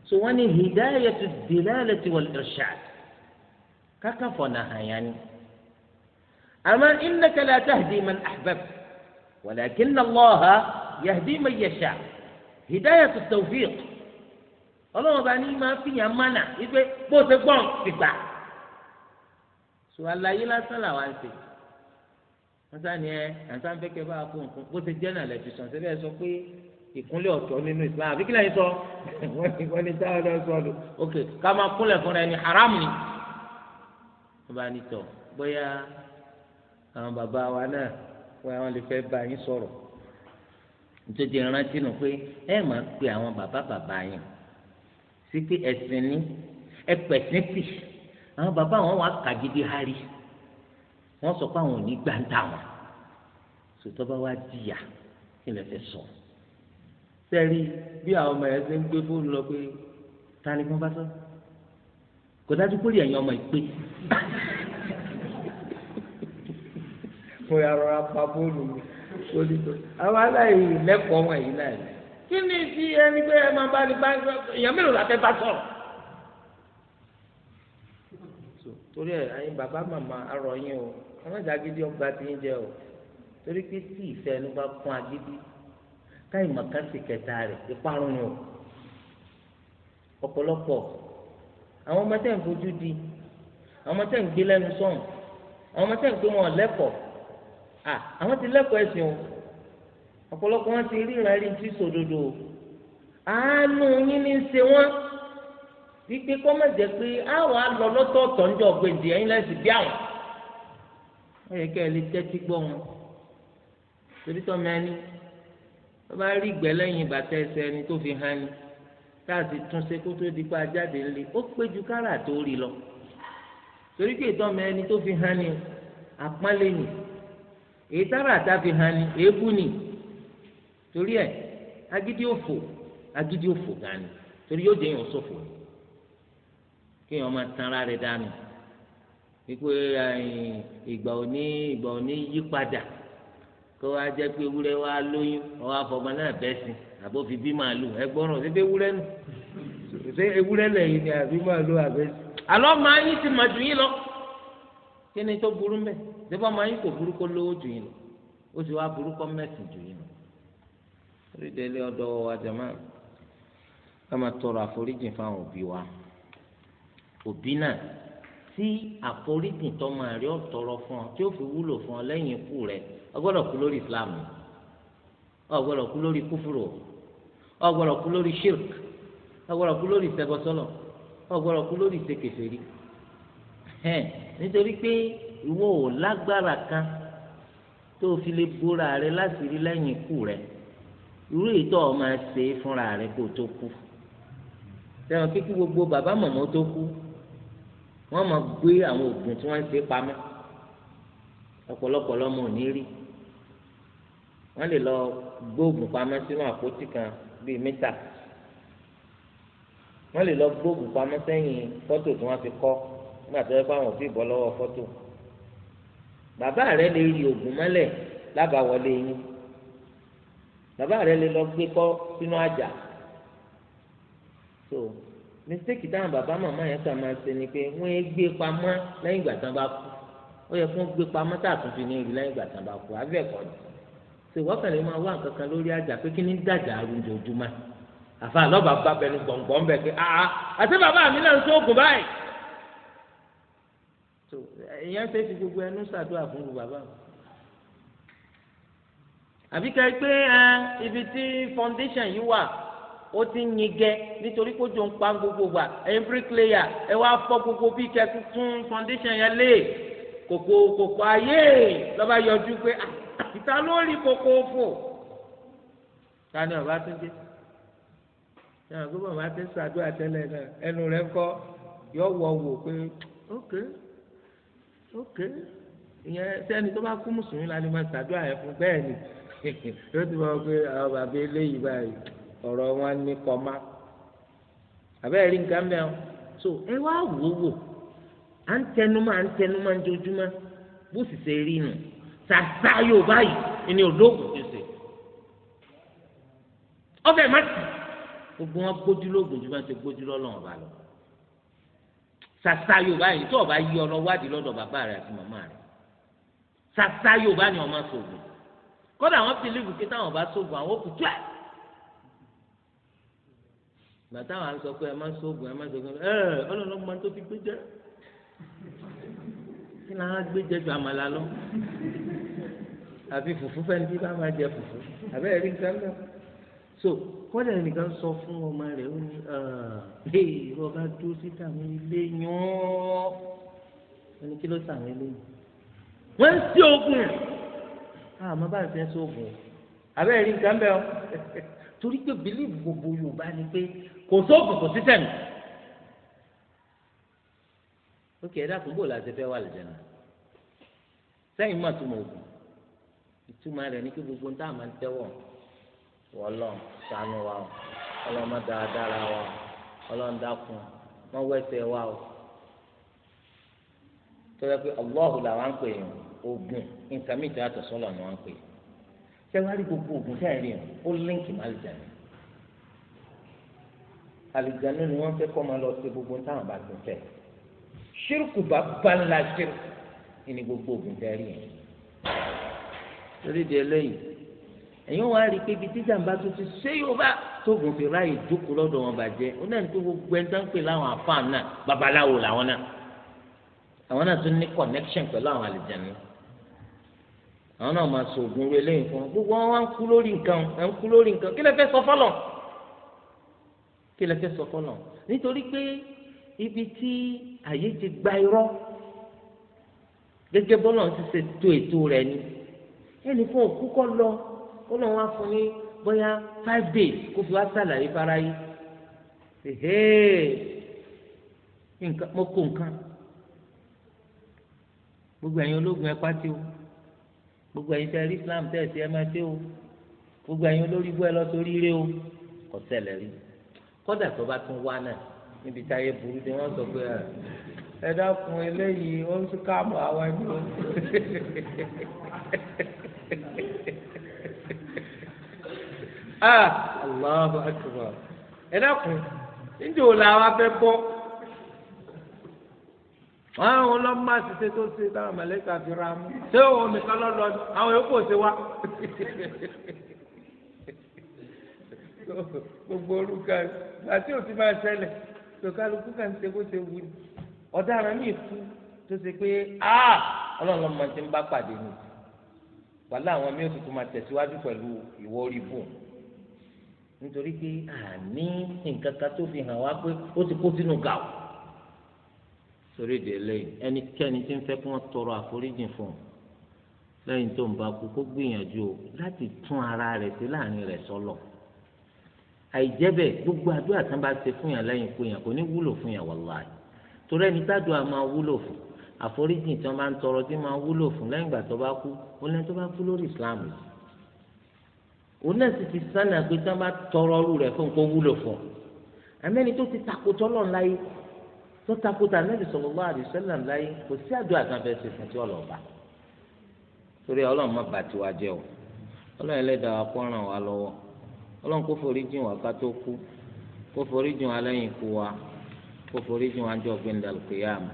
so wọ́n ní hidayatu ti wole irshad kaka fo fọ̀nà àyàn ni àmọ́ innaka la tahdi man ahbabta walakinna Allaha yahdi man yasha hidayatu tawfiq. ọlọ́run bá ní máa fìyàn mánà wípé bó ṣe gbọ́n ti gbà sọ àlàyé lásán làwọn ṣe wọ́n sáni ẹ àǹtá ń fẹ́kẹ́ bá a kó nǹkan bó ṣe jẹ́ náà lẹ́tù sàn síbẹ̀ sọ pé ìkúnlẹ̀ ọ̀tọ̀ nínú Islam àbí kílẹ̀ yín sọ <laughs> wọ́n ní táwọn náà sọ lò ok ká máa kúnlẹ̀ fúnra ẹni haram ni wọ́n bá ní tọ̀ bóyá àwọn bàbá wa náà wọ́n àwọn lè fẹ́ bá yín sọ̀rọ̀ nítorí rántí nù pé ẹ máa pe àwọn bàbá bàbá yín sí pé ẹ̀sìn ni ẹ̀pẹ̀sìn tì àwọn bàbá wọn wà kàgidi hari wọn sọ pé àwọn ò ní gbà ń tà wọn sòtọ́ba wa dìyà kí lè fẹ́ sọ sẹ́rí bí àwọn ọmọ yẹn ṣe ń gbé fóònù lọ pé ta ni wọ́n bá sọ kò dájú pé ẹ̀yin ọmọ yìí mo yà rọra pa fóònù mi àwọn aláìlẹ́kọ̀ọ́ wọ̀nyí náà kí ni ti ẹni pé ẹ máa bá ní bá èèyàn mélòó la fẹ́ bá sọ̀rọ̀. torí ẹ ẹ̀yin bàbá màmá arọ yín o ẹ má dá gidi ọgbà tí yín jẹ o torí pé tí ìfẹ́ ẹni bá kún agídí káyìn màkàtì kẹta rẹ̀ ìparun ni o ọ̀pọ̀lọpọ̀ àwọn ọmọ tẹ̀ ń fojú di àwọn ọmọ tẹ̀ ń gbé lẹ́nu sọ̀hún àwọn ọmọ tẹ̀ ń pé wọn lẹ́kọ̀ọ́ àwọn ti lẹ́kọ̀ọ́ ẹ̀sìn o ọ̀pọ̀lọpọ̀ wọn ti rí ìrànlẹ́ tí sòdodo àánú yín ní ṣe wọ́n wípé kọ́ má jẹ́ pé àwọn alọ lọ́tọ̀ọ̀tọ̀ ńjọ gbèǹdé ẹ̀yin lẹ́sìn bí àwọn wọ́n yẹ kẹ́ ẹ lè tẹ́tí gbọ́ wọn torí tọ́ mi ẹni tó bá rí ìgbẹ́ lẹ́yìn bàtà ẹsẹ̀ ẹni tó fi hàn ni tá a sì tún ṣe kó tó di pa jáde ńlẹ̀ ó pé ju kára tó rí lọ torí pé ìtọ́ ẹni tó fi hàn ni àpọ́nlé èyí tára tá fi hàn ni èébú ni torí ẹ̀ agídí òfò agídí òfò gani torí yóò dé yàn sófò kéèyàn máa tan ara rẹ̀ dànù wípé eh, ìgbà òní ìgbà òní yí padà kó wá jẹ́ pé ewúrẹ́ wá lóyún ọwọ́ afọgbọ́n náà bẹ́ sí àbó fi bí màálù ẹgbọ́ràn ṣé ewúrẹ́ nù ṣé ewúrẹ́ lẹ́yìn ni àbí màálù àbẹ́ sí. àlọ́ máa yín ti màjú yín lọ kí ni tó burú mbẹ́ ṣé yín kò burú kó lówó jù yín lọ ó sì wá burú kó mẹ́sìn jù yín lọ rídẹ́lẹ́ ọ̀dọ́ wa jẹ̀mọ́ ká máa tọrọ àforíjì fáwọn òbí wa òbí náà tí àforíjì tó máa rí ọ̀tọ̀rọ̀ fún ọ tí ó fi wúlò fún ọ lẹ́yìn ikú rẹ ọ kú lórí Islam ọ kú lórí kúfúrò ọ kú lórí shirk ọ gbọ́dọ̀ kú lórí sẹgọsọlọ ọ gbọ́dọ̀ kú lórí sekeferi hẹn nítorí pé ìwọ ò lágbára kan tó fi lè bóra rẹ láti rí lẹ́yìn ikú rẹ irú ìtọ́ máa ṣe fúnra rẹ kó tó kú sẹ́wọ̀n kíkú gbogbo bàbá màmá tó kú wọ́n máa gbé àwọn oògùn tí wọ́n ń ṣe pamọ́ ọ̀pọ̀lọpọ̀ lọ́mọ ò ní rí wọ́n lè lọ gbóògùn pamọ́ sínú àpótí kan bíi mítà wọ́n lè lọ gbóògùn pamọ́ sẹ́yìn fọ́tò tí wọ́n fi kọ́ nígbà tó yẹ kó àwọn òfin bọ́ lọ́wọ́ fọ́tò bàbá rẹ lè rí oògùn mọ́lẹ̀ lábàá wọlé yín bàbá rẹ lè lọ gbé kọ́ sínú àjà so mistake táwọn bàbá màmá yẹn kàn máa ṣe ni pé wọ́n yẹn gbé pamọ́ lẹ́yìn ìgbà tán bá kú ó yẹ kó gbé pamọ́ tá a tún fi ní ìlú lẹ́yìn ìgbà tán bá kú abẹ́ ẹ̀kọ́ ni so ìwọ kàn lè máa wá nǹkan kan lórí àjà pé kí ni dàjà àrùn jòjúmọ́ àfa àlọ́ba bá bẹnu gbọ̀ngbọ̀n bẹ̀ pé àá àti bàbá mi náà ń tó oògùn báyìí so ìyẹn ṣe fi gbogbo ẹnu ṣàdúrà fún gbogbo bàbá mi àbí ká pé ẹ ibi tí foundation yìí wà ó ti ń yingẹ nítorí kó jọ ń pa gbogbo gbà ẹ̀yin bricklayer ẹ wá fọ́ gbogbo bí kẹ tún foundation yẹn lé kòkò kòkò ayé lọ́ba yọjú pé ah, ìta lórí kòkò fò tani ọba tún dé yàrá gbogbo àwọn àti ṣàdúrà tẹ́lẹ̀ náà ẹnu rẹ̀ kọ́ yọ wọ wò pé ok ok ìyẹn sẹ́ni tó bá kú mùsùlùmí la ni máa ṣàdúrà yẹn fún bẹ́ẹ̀ ni yóò ti máa pé àwọn bàbá eléyìí báyìí ọ̀rọ̀ wọn ní kọ́má àbẹ́rẹ́ rí nǹkan mẹ́ọ̀ so ẹ wá wò wò à ń tẹnumọ́ à ń tẹnumọ́ ń jojúmọ́ bó sì ṣe rí nù sàṣà yóò báyìí ni òdòkùn ti ṣe ọbẹ̀ má sì gbogbo wọn gbójú lóògùn jù bá ti gbójú lọ́lọ́run ọba lọ sàṣà yóò báyìí tó ọba yí ọ lọ wádìí lọ́dọ̀ bàbá rẹ àti màmá rẹ sàṣà yóò bá ọmọ sọ̀gùn kódà wọn bìlíìfù pé táwọn bá sóògùn àwọn òkú tó ẹ bàtà wọn sọ pé ẹ má sóògùn ẹ má sóògùn ẹ ọlọ́run máa tó fi gbé jẹ kí náà gbé jẹ ju àmàlà lọ àfi fùfú fẹ́ni tí bá máa jẹ fùfú àbẹ ẹrí nǹkan lọ so kódà ẹnìkan sọ fún ọmọ rẹ ó ní ẹ ìrọba tó síta mi lé yán ọ ẹni kí ló sàmì lé yàn wọn ń sí ogun àmọ́ ah, bá ń fẹ́ sóògùn abẹ́rẹ́ rí nǹkan bẹ́ẹ̀ o <laughs> torí pé bílíìfù gbogbo Yorùbá ni pé kò sóògùn kò sísẹ̀ mi. ó kì í ẹ̀dá àkúgbò láti fẹ́ wà lẹ́jẹ̀ náà sẹ́yìn mọ̀ tó mọ̀ ògùn ìtumọ̀ rẹ̀ ní kí gbogbo ń tá àmà ń tẹ́wọ̀ wọ́lọ́ sànù wa o ọlọ́mọ dáadáa wa o ọlọ́ndàkùn wọ́n wẹ́sẹ̀ wa o tọ́jà pé ọlọ́hùn làwọn ń pè yàn ògùn nǹkan méjì àtọ̀ sọ́lọ̀ ni wọ́n ń pè é sẹ́wárí gbogbo ògùn tẹ́ ẹ̀ rí hàn ó líǹkì má lè jẹun àlìjánu ni wọ́n fẹ́ kọ́ máa lọ sí gbogbo táwọn bá tún fẹ́ ṣírùkù bá bá ńlá ṣírùkù ní gbogbo ògùn tẹ́ ẹ̀ rí hàn torí di eléyìí ẹ̀yin wá rí i pé ibi títà bá tún ti ṣé yorùbá tóògùn fi ráàyè jókòó lọ́dọ̀ wọn bàjẹ́ ó náà ní pé gbogbo ẹni tó ń pè láwọn àfáà náà babaláwo làwọn náà àwọn náà tún ní connection pẹ̀lú àwọn àlìjánu náà àwọn náà máa sògùn rẹ lẹ́yìn fún wọn gbogbo wọn wá ń kú lórí nǹkan ẹ̀ ń kú lórí nǹkan kí lẹ fẹ́ sọ fọlọ̀ kí lẹ fẹ́ sọ fọlọ̀ nítorí pé ibi tí àyè ti gba irọ́ gẹ́gẹ́ bọ́lọ̀ ti ṣe to ètò rẹ̀ ni ẹnìkan òkú kọ́ lọ ó lọ́n wá fún ní bóyá five days kó fi wá sàlàyé fara yìí mo kó nǹkan gbogbo ẹ̀yin ológun ẹ pátí o gbogbo ẹ̀yin tẹ rí islam tẹ ẹsẹ ẹ máa ṣe o gbogbo ẹ̀yin olórí bú ẹ lọ sórí o kò ṣẹlẹ̀ rí kódà tó bá tún wá náà níbi táyé burú ni wọn sọ pé ah, ẹ dákun eléyìí ó ń ká mọ àwọn ẹbí o <laughs> ah Allahu akbar ẹ dákun níjẹ́ òun làwọn afẹ́ bọ́ àwọn ọlọ́mọ àṣìṣe tó ṣe táwọn mẹlẹ́kà fi ra mú ṣé òun nìkan lọ́dọ̀ àwọn yòókù ṣe wá. gbogbo orúkọ àti òtí máa ṣẹlẹ̀ tòkálukú kà ń ṣe kó ṣe wù ní ọ̀daràn ní ìfú tó ṣe pé a ọlọ́run máa ti ń bá pàdé nù wàhálà àwọn mi ò tuntun máa tẹ̀síwájú pẹ̀lú ìwọ orí bùn nítorí pé àní nǹkan kan tó fi hàn wá pé ó ti kó sínú gàù sórí èdè lẹ́yìn ẹnikẹ́ni tí ń fẹ́ kí wọ́n tọrọ àforíjì fún un lẹ́yìn tó ń bá kú kó gbìyànjú o láti tún ara rẹ̀ sí láàrin rẹ̀ sọ́lọ̀ àìjẹ́bẹ̀ gbogbo àdúrà tán bá ṣe fún yàn lẹ́yìn kú yàn kò ní wúlò fún yàn wàláì torí ẹni tádùá máa wúlò fún àforíjì tí wọ́n bá ń tọrọ tí máa wúlò fún lẹ́yìn ìgbà tó bá kú ó lẹ́yìn tó bá kú lórí Islam yìí òun náà sì ti sánà pé tí wọ́n bá tọrọ rú rẹ̀ fún kó wúlò fún àmẹ́ni tó ti takò tọ́lọ́ tó takuta anabi sallallahu alaihi wasallam láyé kò sí àdúrà kan fẹẹ ṣe fún tí ọlọba torí Ọlọ́run má bà tiwa jẹ́ o Ọlọ́run Ẹlẹ́dàá kó ràn wá lọ́wọ́ Ọlọ́run kó forí jìn wá ká tó kú kó forí jìn wá lẹ́yìn ikú wa kó forí jìn wá ń jọ gbẹndà lùkìyàmù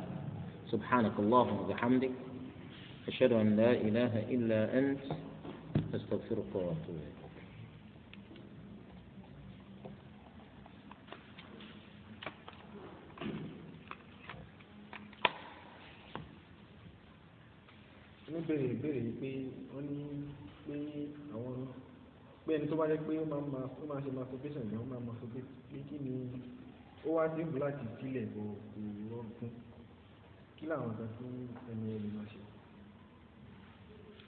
subhanakallahumma wa bihamdik ashhadu an la ilaha illa ant astaghfiruka wa níbèrè ìbéèrè yìí pé wọ́n ní pé àwọn pé ẹni tó bá jẹ́ pé ó máa ma ó máa ṣe masturbation ni ó máa masturbate pé kí ni ó wá dé láti sílẹ̀ bò kò rọrùn kí làwọn kan tí ẹni ẹni máa ṣe.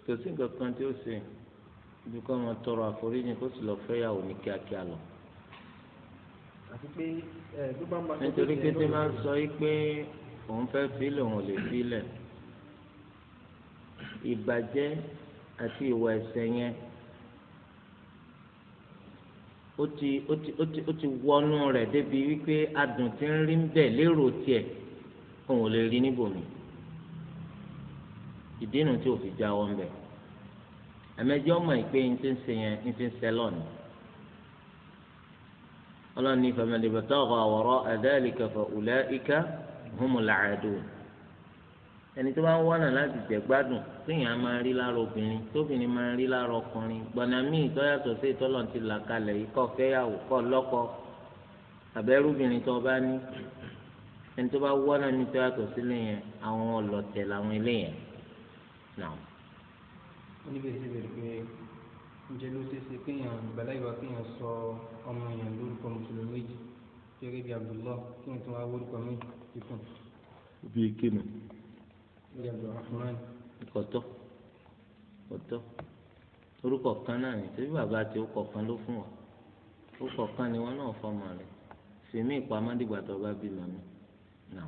kò sí nǹkan kan tí ó ṣe ibi kọ́ ọmọ tọrọ àforíjì kó sì lọ fẹ́yàwó ní kíákíá lọ. àti pé ẹ tó bá ń bá. nítorí pé tí máa sọ yìí pé òun fẹ́ fílẹ̀ òun lè fílẹ̀ ìbàjẹ́ àti ìwà ẹ̀ṣẹ̀ yẹn ó ti ó ti ó ti ó ti wọnú rẹ̀ débi wípé adùn ti ń rí ń bẹ̀ lérò tiẹ̀ òun ò lè rí níbòmí ìdínú tí ò fi jáwọ́ ń bẹ̀ ẹ̀mẹ́jọ́ mọ̀ ìpè ń ti ń ṣe yẹn ń ti ń ṣe lọ́nà ọlọ́ni faman ibtagha wara'a dhalika fa ulaika humul aadun ẹni tó bá ń wọ́nà láti jẹ́ gbádùn téèyàn máa rí lára obìnrin tóbìnrin máa rí lára ọkùnrin gbọ̀nà míì tọ́yàtọ̀ sí ìtọ́lọ̀ ti là kalẹ̀ yìí kọ́ fẹ́yàwó kọ́ lọ́kọ àbẹ́rúbìnrin tó bá ní ẹni tó bá wọ́nà míì tọ́yàtọ̀ sílé yẹn àwọn ọlọ́tẹ̀ làwọn ilé yẹn náà. oníbèrè ti bèrè pé ǹjẹ́ ló ṣeé ṣe kéèyàn ìgbàláyè wa kéèyàn sọ ọmọ èèyàn lórúkọ mùsùlùmí gẹ́gẹ́ bí kéèyàn tó wá wórúkọ méjì kọ̀tọ́ kọ̀tọ́ orúkọ kan náà ni tẹ́bí bàbá àti orúkọ kan ló fún wa orúkọ kan ni wọn náà fọmọ rẹ fèmí ìpamọ́ dìgbà tó bá bí màmí náà.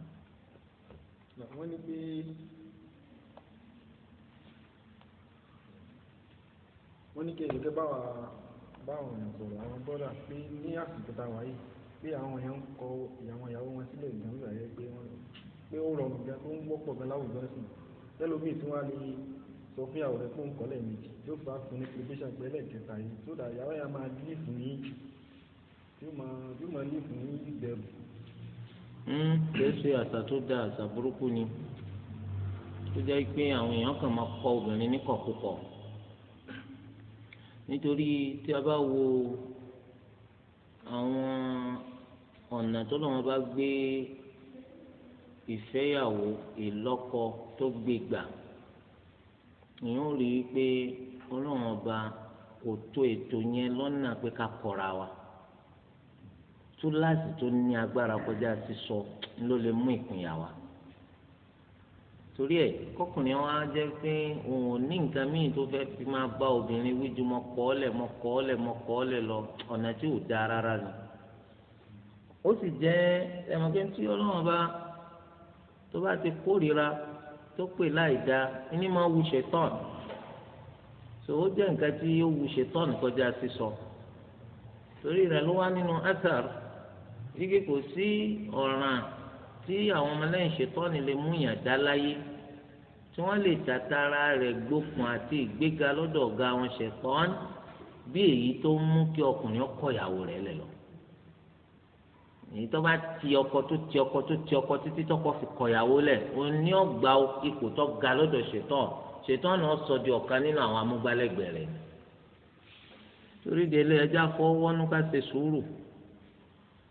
wọ́n ní pé wọ́n ní kí ẹ̀jẹ̀ báwa báwọn èèyàn sọ̀rọ̀ àwọn bọ́dà pé ní àsìkò táwa yìí pé àwọn èèyàn ń kọ àwọn ìyàwó wọn sílẹ̀ ìdánwò àyẹ́ pé wọ́n lọ pé ó rọrùn gan tó ń wọ́pọ̀ gan láwùjọ sí i lẹ́lòmíì tí wọ́n á lè sọ fún ìyàwó rẹ̀ fún nǹkan lẹ́ẹ̀mejì yóò fà á fún ní pẹlẹ́sàn pé ẹlẹ́ẹ̀kẹta yìí tó dà yàrá yà máa ní ìfún yín yóò máa ní ìfún yín ìbẹ̀rù. Hmm. kì í ṣe àṣà tó da àṣà burúkú ni tó jẹ́ pé àwọn èèyàn kan máa kọ obìnrin ní nítorí tí a bá wo àwọn ọ̀nà tó lọ́wọ́ bá gbé ìfẹ́yàwó ìlọ́kọ tó gbégbà ìyẹn rí i pé ọlọ́run ọba kò tó ètò yẹn lọ́nà pé ká kọ̀ra wa túláàsì tó ní agbára kọjá sísọ ló lè mú ìpínyà wa torí ẹ kọkùnrin wa jẹ́ pé òun ò ní nǹkan míì tó fẹ́ fi máa bá obìnrin wíjú mọ kọ́ mọ kọ́ mọ kọ́ lọ ọ̀nà tí ò dáa rárá ni ó sì jẹ́ ẹ̀mọ́kẹ́ ọlọ́run bá. tó bá ti kórìíra tó pè láì dá ẹni máa wu ṣetán so ó jẹ́ nǹkan tí ó wu ṣetán kọjá sísọ torí rẹ̀ ló wá nínú athar yíké kò sí ọ̀ràn tí àwọn ọmọlẹ́yìn ṣetán lè mú yàn dá láyé tí wọ́n lè tàtàrà rẹ̀ gbókun àti ìgbéga lọ́dọ̀ ọ̀gá wọn ṣetán bí èyí tó mú kí ọkùnrin ọkọ rẹ̀ lẹ̀ lọ èyí tó bá ti ọkọ tó ti ọkọ tó ti ọkọ títí tọkọ fi kọyàwó lẹ òun ní ọgbà ipò tó ga lọ́dọ̀ ṣètán ṣètán náà sọ di ọ̀kan nínú àwọn amúgbálẹ́gbẹ̀ẹ́ rẹ̀ torí délé ẹjọ́ afọwọ́nú ká ṣe sùúrù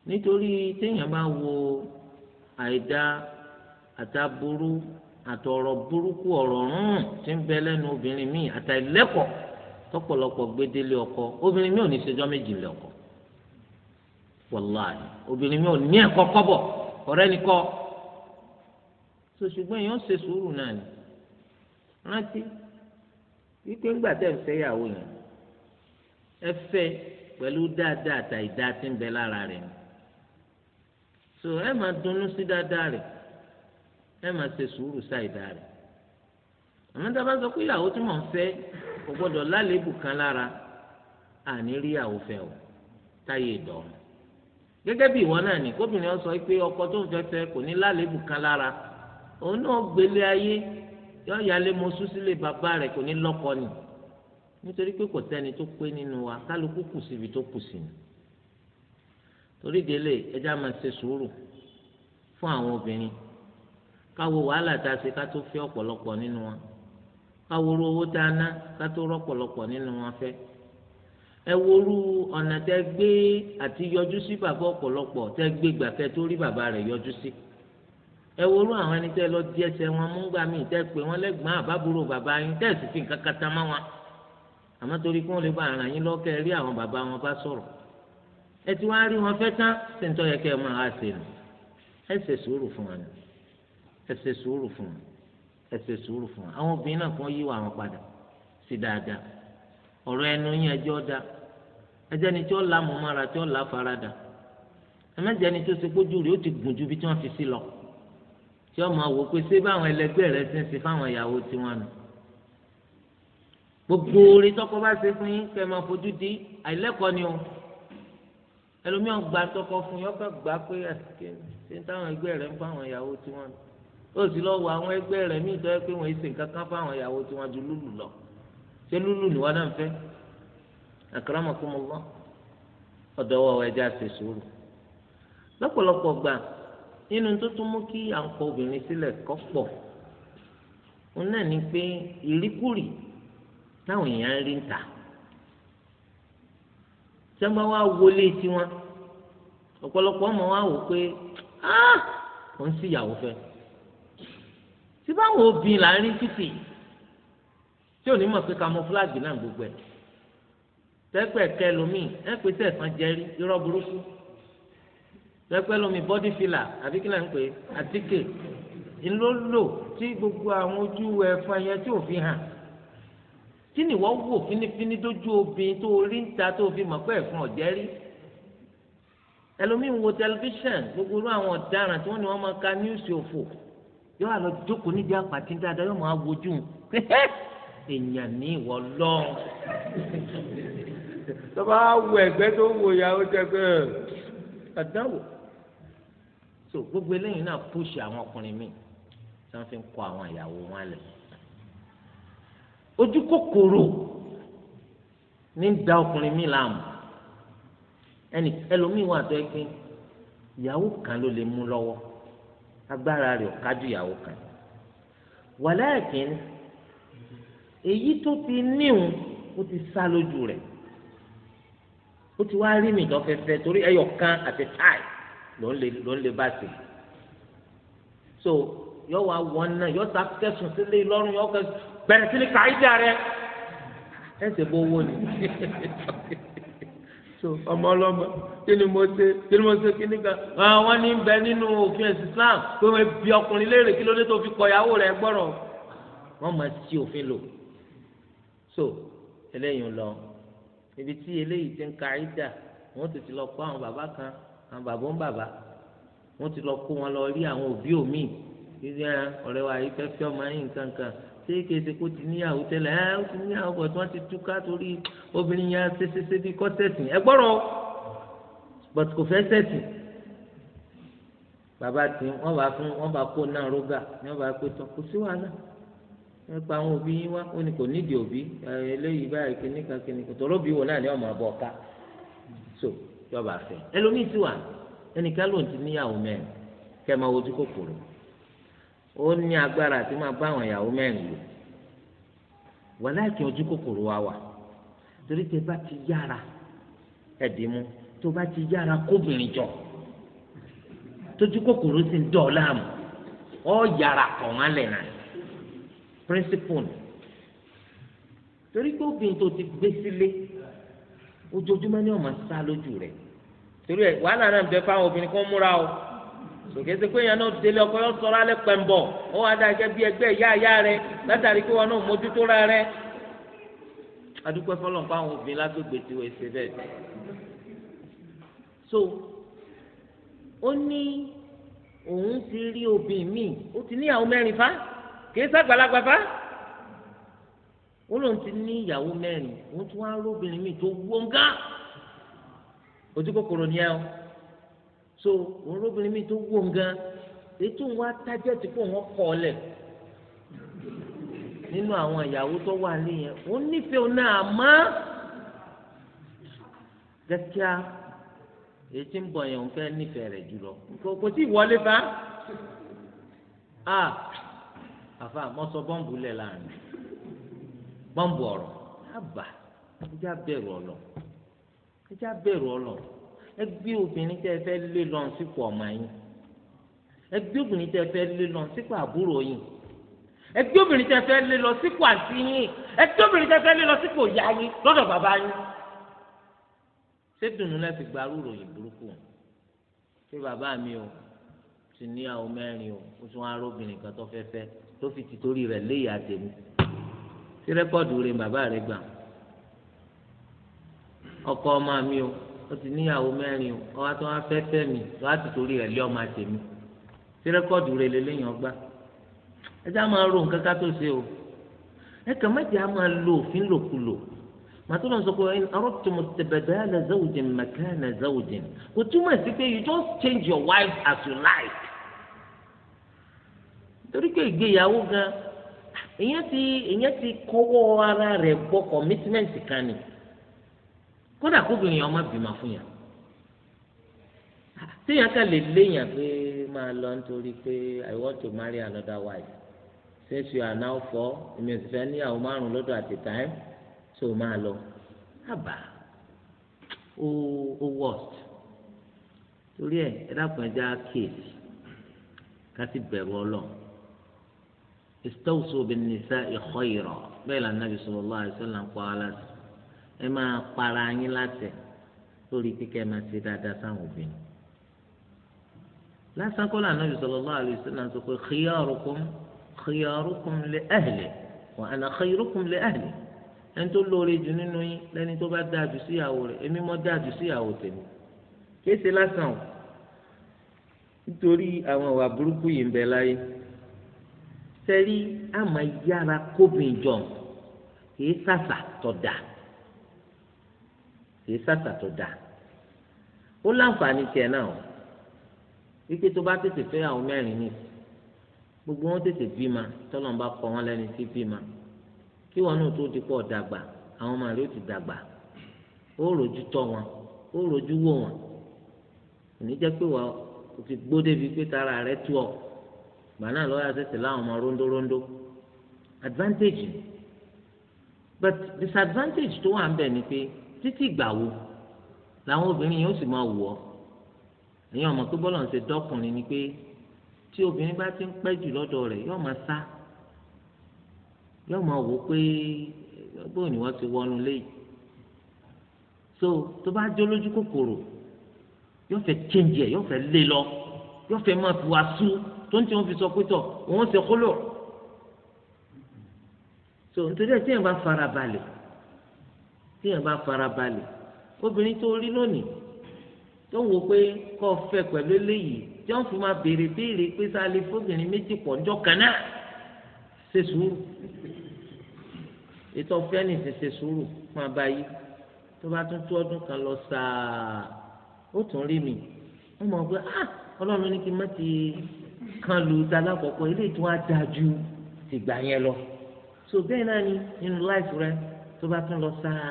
nítorí téèyàn bá wo àìdá àtàbúrú àtọ̀rọ̀ burúkú ọ̀rọ̀ rún tí ń bẹ lẹ́nu obìnrin míì àtàlẹ́kọ̀ọ́ tọ́pọ̀lọpọ̀ gbé délé ọkọ obìnrin míì ò ní ṣèjọ́ méjì ọkọ wàláì obìnrin mi ò ní ẹ̀kọ́ kọ́bọ̀ ọ̀rẹ́ ni kọ́ so ṣùgbọ́n èèyàn ṣe sùúrù náà ni rántí wípé ńgbà tẹ̀ ń fẹ́ yàwó yẹn ẹ fẹ́ pẹ̀lú dáadáa àtà ìdá tí ń bẹ lára rẹ̀ ni so ẹ máa dunnú sí dáadáa rẹ̀ ẹ máa ṣe sùúrù sáìdá rẹ̀ àmọ́ tá a bá sọ pé ìyàwó tí mò ń fẹ́ kò gbọ́dọ̀ lálébù kan lára àní rí ìyàwó fẹ́ o táyé ìdọ̀rùn gẹ́gẹ́ bí ìwọ náà ní kóbìnrin ọ sọ pé ọkọ tó ń fẹ́ fẹ́ kò ní lálébù kan lára òun náà gbélé ayé yọ yálé mo sílé bàbá rẹ̀ kò ní lọ́kọ ni nítorí pé kò sẹ́ni tó pé nínú wa kálukú kù síbi tó kù sí ni torí délé ẹjá máa ṣe sùúrù fún àwọn obìnrin káwo wàhálà tá a ṣe ká tó fẹ́ ọ̀pọ̀lọpọ̀ nínú wọn káwo owó tá a ná ká tó rọ́pọ̀lọpọ̀ nínú wọn fẹ́ẹ́ ẹ worú ọ̀nà tẹ gbé àti yọjú sí bàbá ọ̀pọ̀lọpọ̀ tẹ gbé gbàkẹ́ tó rí bàbá rẹ̀ yọjú sí ẹ worú àwọn ẹni tẹ lọ di ẹsẹ̀ wọn mú gbà mí tẹ pé wọn lẹ́gbọ̀n àbábúrò bàbá yín tẹ sì fi nǹkan kata má wọn àmọ́ torí kí wọ́n lè bá ara yín lọ́kẹ́ rí àwọn bàbá wọn bá sọ̀rọ̀ ẹ ti wá rí wọn fẹ́ tán ṣe ń tọ́ yẹ kẹ́ ẹ máa ṣe nù ẹ ṣe fún wọn ẹ ṣe fún wọn ẹ ṣe fún wọn àwọn obìnrin náà kàn yí wà wọn padà sí dáadáa ọ̀rọ̀ ẹnu yín ẹjọ́ da ẹjẹ́ ni tí ó la mọ̀ mọ́ra tí ó la farada ẹmẹ́jẹ́ ni tó ṣe pójú rẹ̀ ó ti gùn ju bí tí wọ́n fi sí lọ tí ó máa pé ṣé báwọn ẹlẹgbẹ́ rẹ̀ ṣe ń ṣe fáwọn ìyàwó tiwọn nù gbogbo orí tọkọ bá ṣe fún yín kẹ́ máa fojú di àìlẹ́kọ̀ọ́ ni o ẹlòmíràn gba tọkọ fún yín ọkọ gbà pé ẹ ṣe ń táwọn ẹgbẹ́ rẹ̀ ń fáwọn ìyàwó tiwọn nù ó sì lọ wọ àwọn ẹgbẹ́ rẹ̀ míì tọ́ ẹ pé wọ́n ṣe nǹkan kan fáwọn ìyàwó tiwọn ju lùlù lọ ṣé lúlù ni wọn náà ń fẹ́ akramakumullah ọ̀dọ̀ wa wa ẹja ṣe sùúrù lọ́pọ̀lọpọ̀ gbà nínú tó tún mú kí à ń kọ obìnrin sílẹ̀ kọ́ pọ̀ òun náà ni pé ìríkùrì táwọn èèyàn ń rí ń tà tí wọ́n bá wá wọlé tiwọn ọ̀pọ̀lọpọ̀ ọmọ wa wò pé òun sì yàwó fẹ́ tí báwọn obìnrin là ń rí títì tí ò ní mọ̀ pé kamọ́fúláàgì náà gbogbo ẹ̀ tẹ́pẹ́ kẹlòmíì ẹ pé tẹ̀sán jẹ́rí irọ́ burúkú tẹ́pẹ́ lomi bọ́dí fìlà àbí kí náà ń pè é àtíkè ńlọ lò tí gbogbo àwọn ojú ẹ̀fọn yẹn tí ò fi hàn kí ni wọ́n wò fínífíní dójú obìnrin tó rí ń ta tó fi mọ̀ pé ẹ̀fọn ọ̀jẹ́rí ẹlòmíì ń wo tẹlifíṣàn gbogbo irú àwọn ọ̀daràn tí wọ́n ní wọ́n máa ka níwùsì òfò yóò wà lọ jókòó nídìí àpàtì dáadáa yóò máa wojú un <laughs> èèyàn ní ìwọ lọ́n tọ́ba wo ẹgbẹ́ tó wo ìyàwó tẹ pé hmm, àdánwò so gbogbo eléyìí náà púṣì àwọn ọkùnrin míì tí wọ́n fi ń kọ àwọn ìyàwó wọn lẹ̀ ojú kòkòrò ní ń da ọkùnrin míì láàmú ẹnì ẹlòmíì wà tó ẹgbẹ́ ìyàwó kan ló lè mú lọ́wọ́ agbára rẹ̀ ò ìyàwó kan wàlẹ́ ẹ̀kíní èyí tó ti níhun ó ti sá lójú rẹ̀ ó ti wá rí mi dọ́fẹ́fẹ́ torí ẹyọ kan àti táì ló ń lè bá sí so yọ wá wọn náà yọ sá kẹsùn sílé lọ́rùn yọ kẹsùn bẹ̀rẹ̀ sí ni kàíjà rẹ ẹsẹ̀ bó wó ni so ọmọ ọlọmọ kí ni mo ṣe kí ni mo ṣe kí ni kan àwọn ah, ní bẹ nínú òfin ẹ̀sìn Islam pé wọn bí ọkùnrin léèrè kí ló dé tó fi kọyàwó rẹ̀ gbọ́rọ̀ wọn máa ṣí òfin lò so eléyìí lọ ibi tí eléyìí ti ń ka ìdá wọn ti ti lọ kó àwọn bàbá kan àwọn bàbá ń bàbá wọn ti lọ kó wọn lọ rí àwọn òbí òmíì ìdí ẹ ọ̀rẹ́ wa yìí fẹ́ fi ọmọ yìí nǹkan kan ṣé kéde kó ti níyàwó tẹ́lẹ̀ ẹ ó ti níyàwó bọ̀ tí wọ́n ti túká torí obìnrin yẹn ṣeṣeṣe bí kọ́ sẹ̀sìn ẹ gbọ́rọ̀ but kò fẹ́ sẹ̀sìn bàbá tí wọ́n bá fún wọ́n bá kó náà rógà wọ́n bá pé tán kò sí wàhálà nípa àwọn òbí yín wá ó ní kò nídìí òbí eléyìí báyìí kíníkan kíníkan tó lóbi wò náà so yọba fẹ ẹlòmíì ti wà ẹnìkan ló ń ti níyàwó mẹ́rin kẹ́ máa wojú kòkòrò ó ní agbára àti máa bá àwọn ìyàwó mẹ́rin lò wà láìkí ojú kòkòrò wa wà torí tẹ bá ti yára ẹ̀dínmú tó bá ti yára kóbìnrin jọ tójú kòkòrò sì ń dọ̀ principle ni torí pé obìnrin tó ti gbé sílé ojoojúmọ́ ni ọmọ sá lójú rẹ̀ torí ẹ̀ wàhálà náà bẹ fáwọn obìnrin kan múra o sòkè ṣe pé èèyàn náà délé ọkọ yóò sọ̀rọ̀ alẹ́ pẹ̀mbọ̀ ó wà dá ẹgbẹ́ bí ẹgbẹ́ ìyá ìyá rẹ látàrí pé wọn náà mójútó ra rẹ. adúpẹ́ fọlọ́n fún àwọn obìnrin lágbègbè tí wọ́n ṣe bẹ́ẹ̀. so ó ní òun ti rí obìnrin míì ó ti níyàwó mẹ́rin fáá kìí sàgbàlagbà bá wọ́n ti ní ìyàwó mẹ́rin wọ́n tún wá lóbìnrin mi tó wọ́n gán ojú kòkòrò ni ẹ o so wọ́n lóbìnrin mi tó wọ́n gán ètò wọn atájẹ́ ti kó wọn kọ́ ọ lẹ̀ nínú àwọn ìyàwó tó wà níyẹn wọ́n nífẹ̀ẹ́ náà mọ́ gẹ́gẹ́ èyí tí yẹn òun fẹ́ nífẹ̀ẹ́ rẹ̀ jùlọ kò tí ì wọlé a ah, àfa mọ́sọ bọ́ǹbù lẹ̀ láàrin bọ́ǹbù ọ̀rọ̀ àbà ẹjẹ́ abẹ́rù ọ̀lọ́ ẹjẹ́ abẹ́rù ọ̀lọ́ ẹ gbé obìnrin tẹ́ ẹ fẹ́ lé lọ sípò ọmọ yín ẹ gbé obìnrin tẹ́ ẹ fẹ́ lé lọ sípò àbúrò yín ẹ gbé obìnrin tẹ́ ẹ fẹ́ lé lọ sípò àǹtí yín ẹ gbé obìnrin tẹ́ ẹ fẹ́ lé lọ sípò ìyá yín lọ́dọ̀ bàbá yín ṣé dùnú lẹ fi gba arúgbó yìí burúkú ṣé bàbá mi o ti níyàwó mẹ́rin o ó tún arúgbìnrin kan tó fẹ́ fẹ́ tó fi ti torí rẹ̀ léyìí àtẹ̀mí sí rẹ́kọ́ọ̀dù rẹ̀ bàbá rẹ̀ gbà ọkọ ọmọ mi o ó ti níyàwó mẹ́rin o ọwọ́ tó wá fẹ́ fẹ́ mi láti torí rẹ̀ lé ọmọ àtẹ̀mí sí rẹ́kọ́ọ̀dù rẹ̀ lélẹ́yìn ọgbà ẹ já máa ro nǹkan ká tó ṣe o ẹ kàn mẹ́jẹ̀ á máa lo òfin lòkulò màtí lọ́n sọ pé ẹni arọ́tùmù tẹ̀bẹ̀dẹ́ àlẹ́ zawùjẹ̀ mẹ́kẹ́ àlẹ́ zawùjẹ̀ kò túmọ̀ sí pé you just change your wife as you like torí pé ìgbéyàwó gan èyàn ti èyàn ti kọ́wọ́ ara rẹ̀ gbọ́ commitment kan ni kódà kóbìnrin ọmọ bímọ fún yàn téèyàn kan lè léèyàn pé máa lọ nítorí pé I want to marry another wife since you are now four èmi ò sì fẹ́ níyàwó márùn lọ́dọ̀ at a time so máa lọ àbá ó ó worst torí ẹ ẹ dákun ẹ já kéèsì ká sì bẹ̀rù ọlọ́run istawusu bin nisa'i khayra bẹ́ẹ̀ la nabi sallallahu alaihi wasallam kọ́ ala sí ẹ máa para yín láti lórí kíkẹ́ máa ṣe dáadáa sáwọn obìnrin lásán kọ́ la nabi sallallahu alaihi wasallam sọ pé khiyarukum khiyarukum li ahli wa ana khayrukum li ahli ẹni tó lóore jù nínú yín lẹ́ni tó bá dáa jù síyàwó rẹ̀ èmi mọ́ dáa jù síyàwó tèmi kéèsì lásán o nítorí àwọn ìwà burúkú yìí ń bẹ láyé sẹ́rí àmọ́ yára kóbìn jọ kìí sàṣà tó dà kìí sàṣà tó dà ó láǹfààní tiẹ̀ náà o wípé tó bá tètè fẹ́ àwọn mẹ́rin ní gbogbo wọn tètè bímọ tọ́lọ́n bá kọ́ wọn lẹ́ni tí bímọ kí wọn náà tó di pọ̀ dàgbà àwọn ọmọ rẹ̀ ó ti dàgbà ó rojú tọ́ wọn ó rojú wò wọn kò jẹ́ pé wọ́n ti gbó débi pé tara rẹ̀ tú ọ gbà náà lọ́ọ́ yàtẹ̀tẹ̀ láwọn ọmọ rondórondó advantage but disadvantage tó wà ń bẹ̀ ni pé títí ìgbà wo làwọn obìnrin yóò sì máa wù ọ́ èyàn ọmọ pé bọ́lọ̀ ń ṣe dọ́kùnrin ni pé tí obìnrin bá ti ń pẹ́ jù lọ́dọ̀ rẹ̀ yóò máa sá yóò máa wò ó pé bóun ni wọ́n ti wọnú léyìí so tó bá jó lójú kòkòrò yóò fẹ́ change ẹ̀ yóò fẹ́ lé lọ yóò fẹ́ máa fi wá sú tó ń tí wọn fi sọ pé tọ òun ṣe kólò so nítorí ẹ tíyẹn bá fara balẹ̀ tíyẹn bá fara balẹ̀ obìnrin tó rí lónìí tó ń wo pé kọ́ fẹ́ pẹ̀lú eléyìí tí wọ́n fi máa béèrè béèrè pé sáà lè fóbìnrin méjì pọ̀ ńjọ́ kan náà ṣe sùúrù ètò ọ̀fẹ́ ní ìṣẹ̀ṣẹ̀ sùúrù máa bá tó bá tún tó ọdún kan lọ sáà ó tún rí mi wọ́n mọ̀ pé ah ọlọ́run ní kí n má ti kan lu talákọ̀ọ́kọ́ ilé tí wọ́n á dáa ju tìgbà yẹn lọ so bẹ́ẹ̀ náà ni nínú láìsí rẹ tó bá tún lọ sáà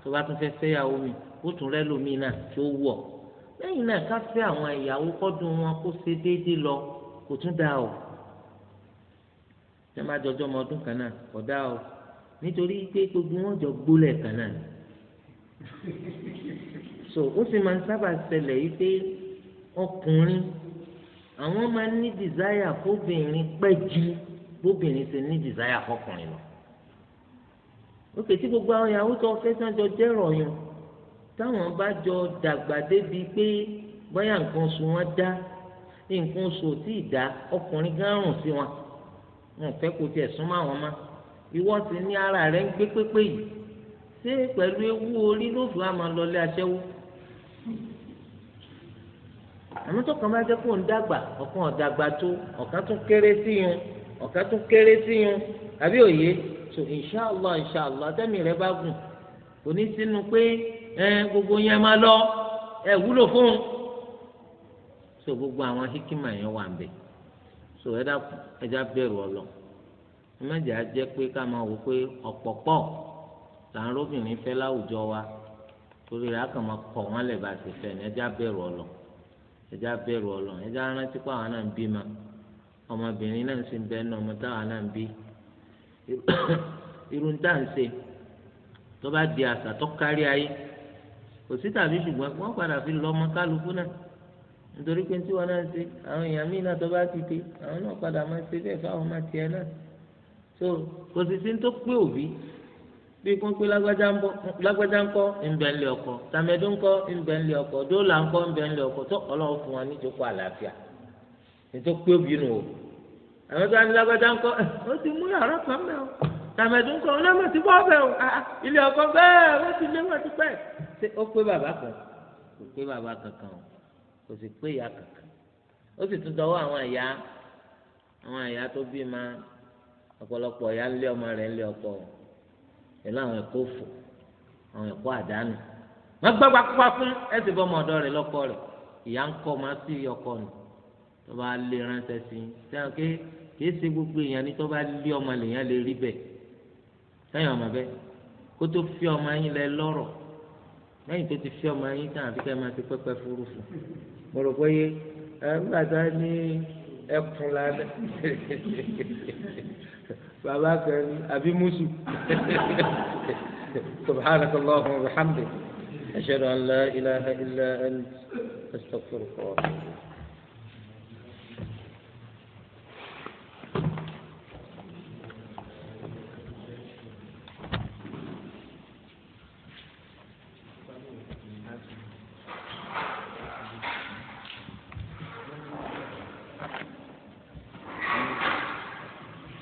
tó bá tún fẹ́ fẹ́yàwó mi ó tún rẹ́ lómi náà tí ó wọ̀ lẹ́yìn náà ká fẹ́ àwọn ìyàwó kọ́dún wọn kó ṣe déédéé lọ kò tún dáa o tẹ́ máa jọjọ́ ọmọ ọdún kan náà kò dáa o nítorí pé gbogbo wọn jọ gbólẹ̀ kan náà so ó sì máa ń sábà ṣẹlẹ̀ yìí pé ọkùnrin àwọn máa ní desire fóbìnrin pẹ́ ju bóbìnrin ṣe ní desire fọkùnrin lọ òkè tí gbogbo àwọn ìyàwó tó fẹ́ tán jọ jẹ́ rọ̀yàn táwọn bá jọ dàgbà débi pé bóyá nǹkan oṣù wọn dá nǹkan oṣù ò tí ì dá ọkùnrin gan rùn sí wọn wọn fẹ́ kó tiẹ̀ súnmọ́ àwọn má ìwọ ti ní ara rẹ̀ ń gbé pépé yìí ṣé pẹ̀lú ewu orí ló fi wá máa lọlé aṣẹ́wó àmọ́ tó kàn máa jẹ́ kó ń dàgbà ọ̀kan ọ̀dàgbà tó ọ̀kan tún kéré sí yun ọ̀kan tún kéré sí yun àbí òye so inṣàlá inṣàlá tẹ́mi rẹ bá gùn kò ní sínú pé ẹ gbogbo yẹn máa lọ ẹ wúlò fún un so gbogbo àwọn hikima yẹn wà ń bẹ so ẹ dá ẹja bẹ̀rù ọlọ ẹ má jẹ́ àjẹ́ pé ká máa wò pé ọ̀pọ̀pọ̀ là ń róbìnrin fẹ́ láwùjọ wa torí rẹ̀ á kàn máa kọ̀ wọ́n lẹ̀ bá ti fẹ́ ẹ̀ ẹja bẹ̀rù ọlọ ẹjẹ abẹ̀rù Ọlọ́run ẹjẹ arántí pa àwọn náà ń bí ma ọmọbìnrin náà ń sin bẹ́ẹ̀ náà ọmọ táwọn náà ń bí irun tá à ń ṣe tó bá di àṣà tó kárí ayé kò sí tàbí ṣùgbọ́n wọ́n padà fi lọ ọmọ kálukú náà nítorí pé tí wọ́n náà ṣe àwọn èèyàn míì náà tó bá ti dé àwọn náà padà máa ṣe bẹ́ẹ̀ fáwọn ọmọ tiẹ̀ náà so kò sì sí ní tó pé òbí bí pínpín lágbájá ńkọ́ ńbẹ̀ńlẹ̀ ọkọ tàmẹ́dù ńkọ́ ńbẹ̀ńlẹ̀ ọkọ dóòlà ńkọ́ ńbẹ̀ńlẹ̀ ọkọ tó ọlọ́run fún wa níjókòó àlàáfíà nítorí pé òbí nù o àwọn tó wà ní lágbájá ńkọ́ eh, ó ti mú yàrá kan mẹ́ o tàmẹ́dù ńkọ́ ọlọ́mọ ti bọ́ bẹ́ o ah, ah, ilé ọkọ bẹ́ẹ̀ wọ́n ti lé wọ́n ti pẹ́ ṣé ó pé bàbá kan kò pé bàbá kankan o kò sì pé ìyá kankan ó sì tún dọwọ́ àwọn ìyá àwọn ìyá tó bí ma ọ̀pọ̀lọpọ̀ ìyá ńlé ọmọ rẹ̀ ńlé ọkọ o pẹ̀lú àwọn ẹ̀kọ́ òfò àwọn ẹ̀kọ́ àdánù wọ́n gbàgbà pípa fún ẹ̀sìn bọ́mọ ọ̀dọ́ rẹ̀ lọ́kọ rẹ̀ ìyá ń kọ́ máa sí ọkọ nù tó bá lé ránṣẹ́ sí i sẹ́wọ̀n ké kìí ṣe gbogbo èèyàn ni tó bá lé ọmọ lèèyàn lè rí bẹ́ẹ̀ sẹ́yìn ọmọ bẹ́ẹ̀ kó tó fi ọmọ yín lẹ lọ́rọ̀ lẹ́yìn tó ti fi ọmọ yín tàn àfi kẹ́ máa ti pẹ́pẹ́ furuufu mo rò pé ẹ ń gbàdá ní ẹkùn lálẹ́ <laughs> فأباك أبي موسى <laughs> سبحانك اللهم وبحمدك أشهد أن لا إله إلا أنت أستغفرك وأتوب إليك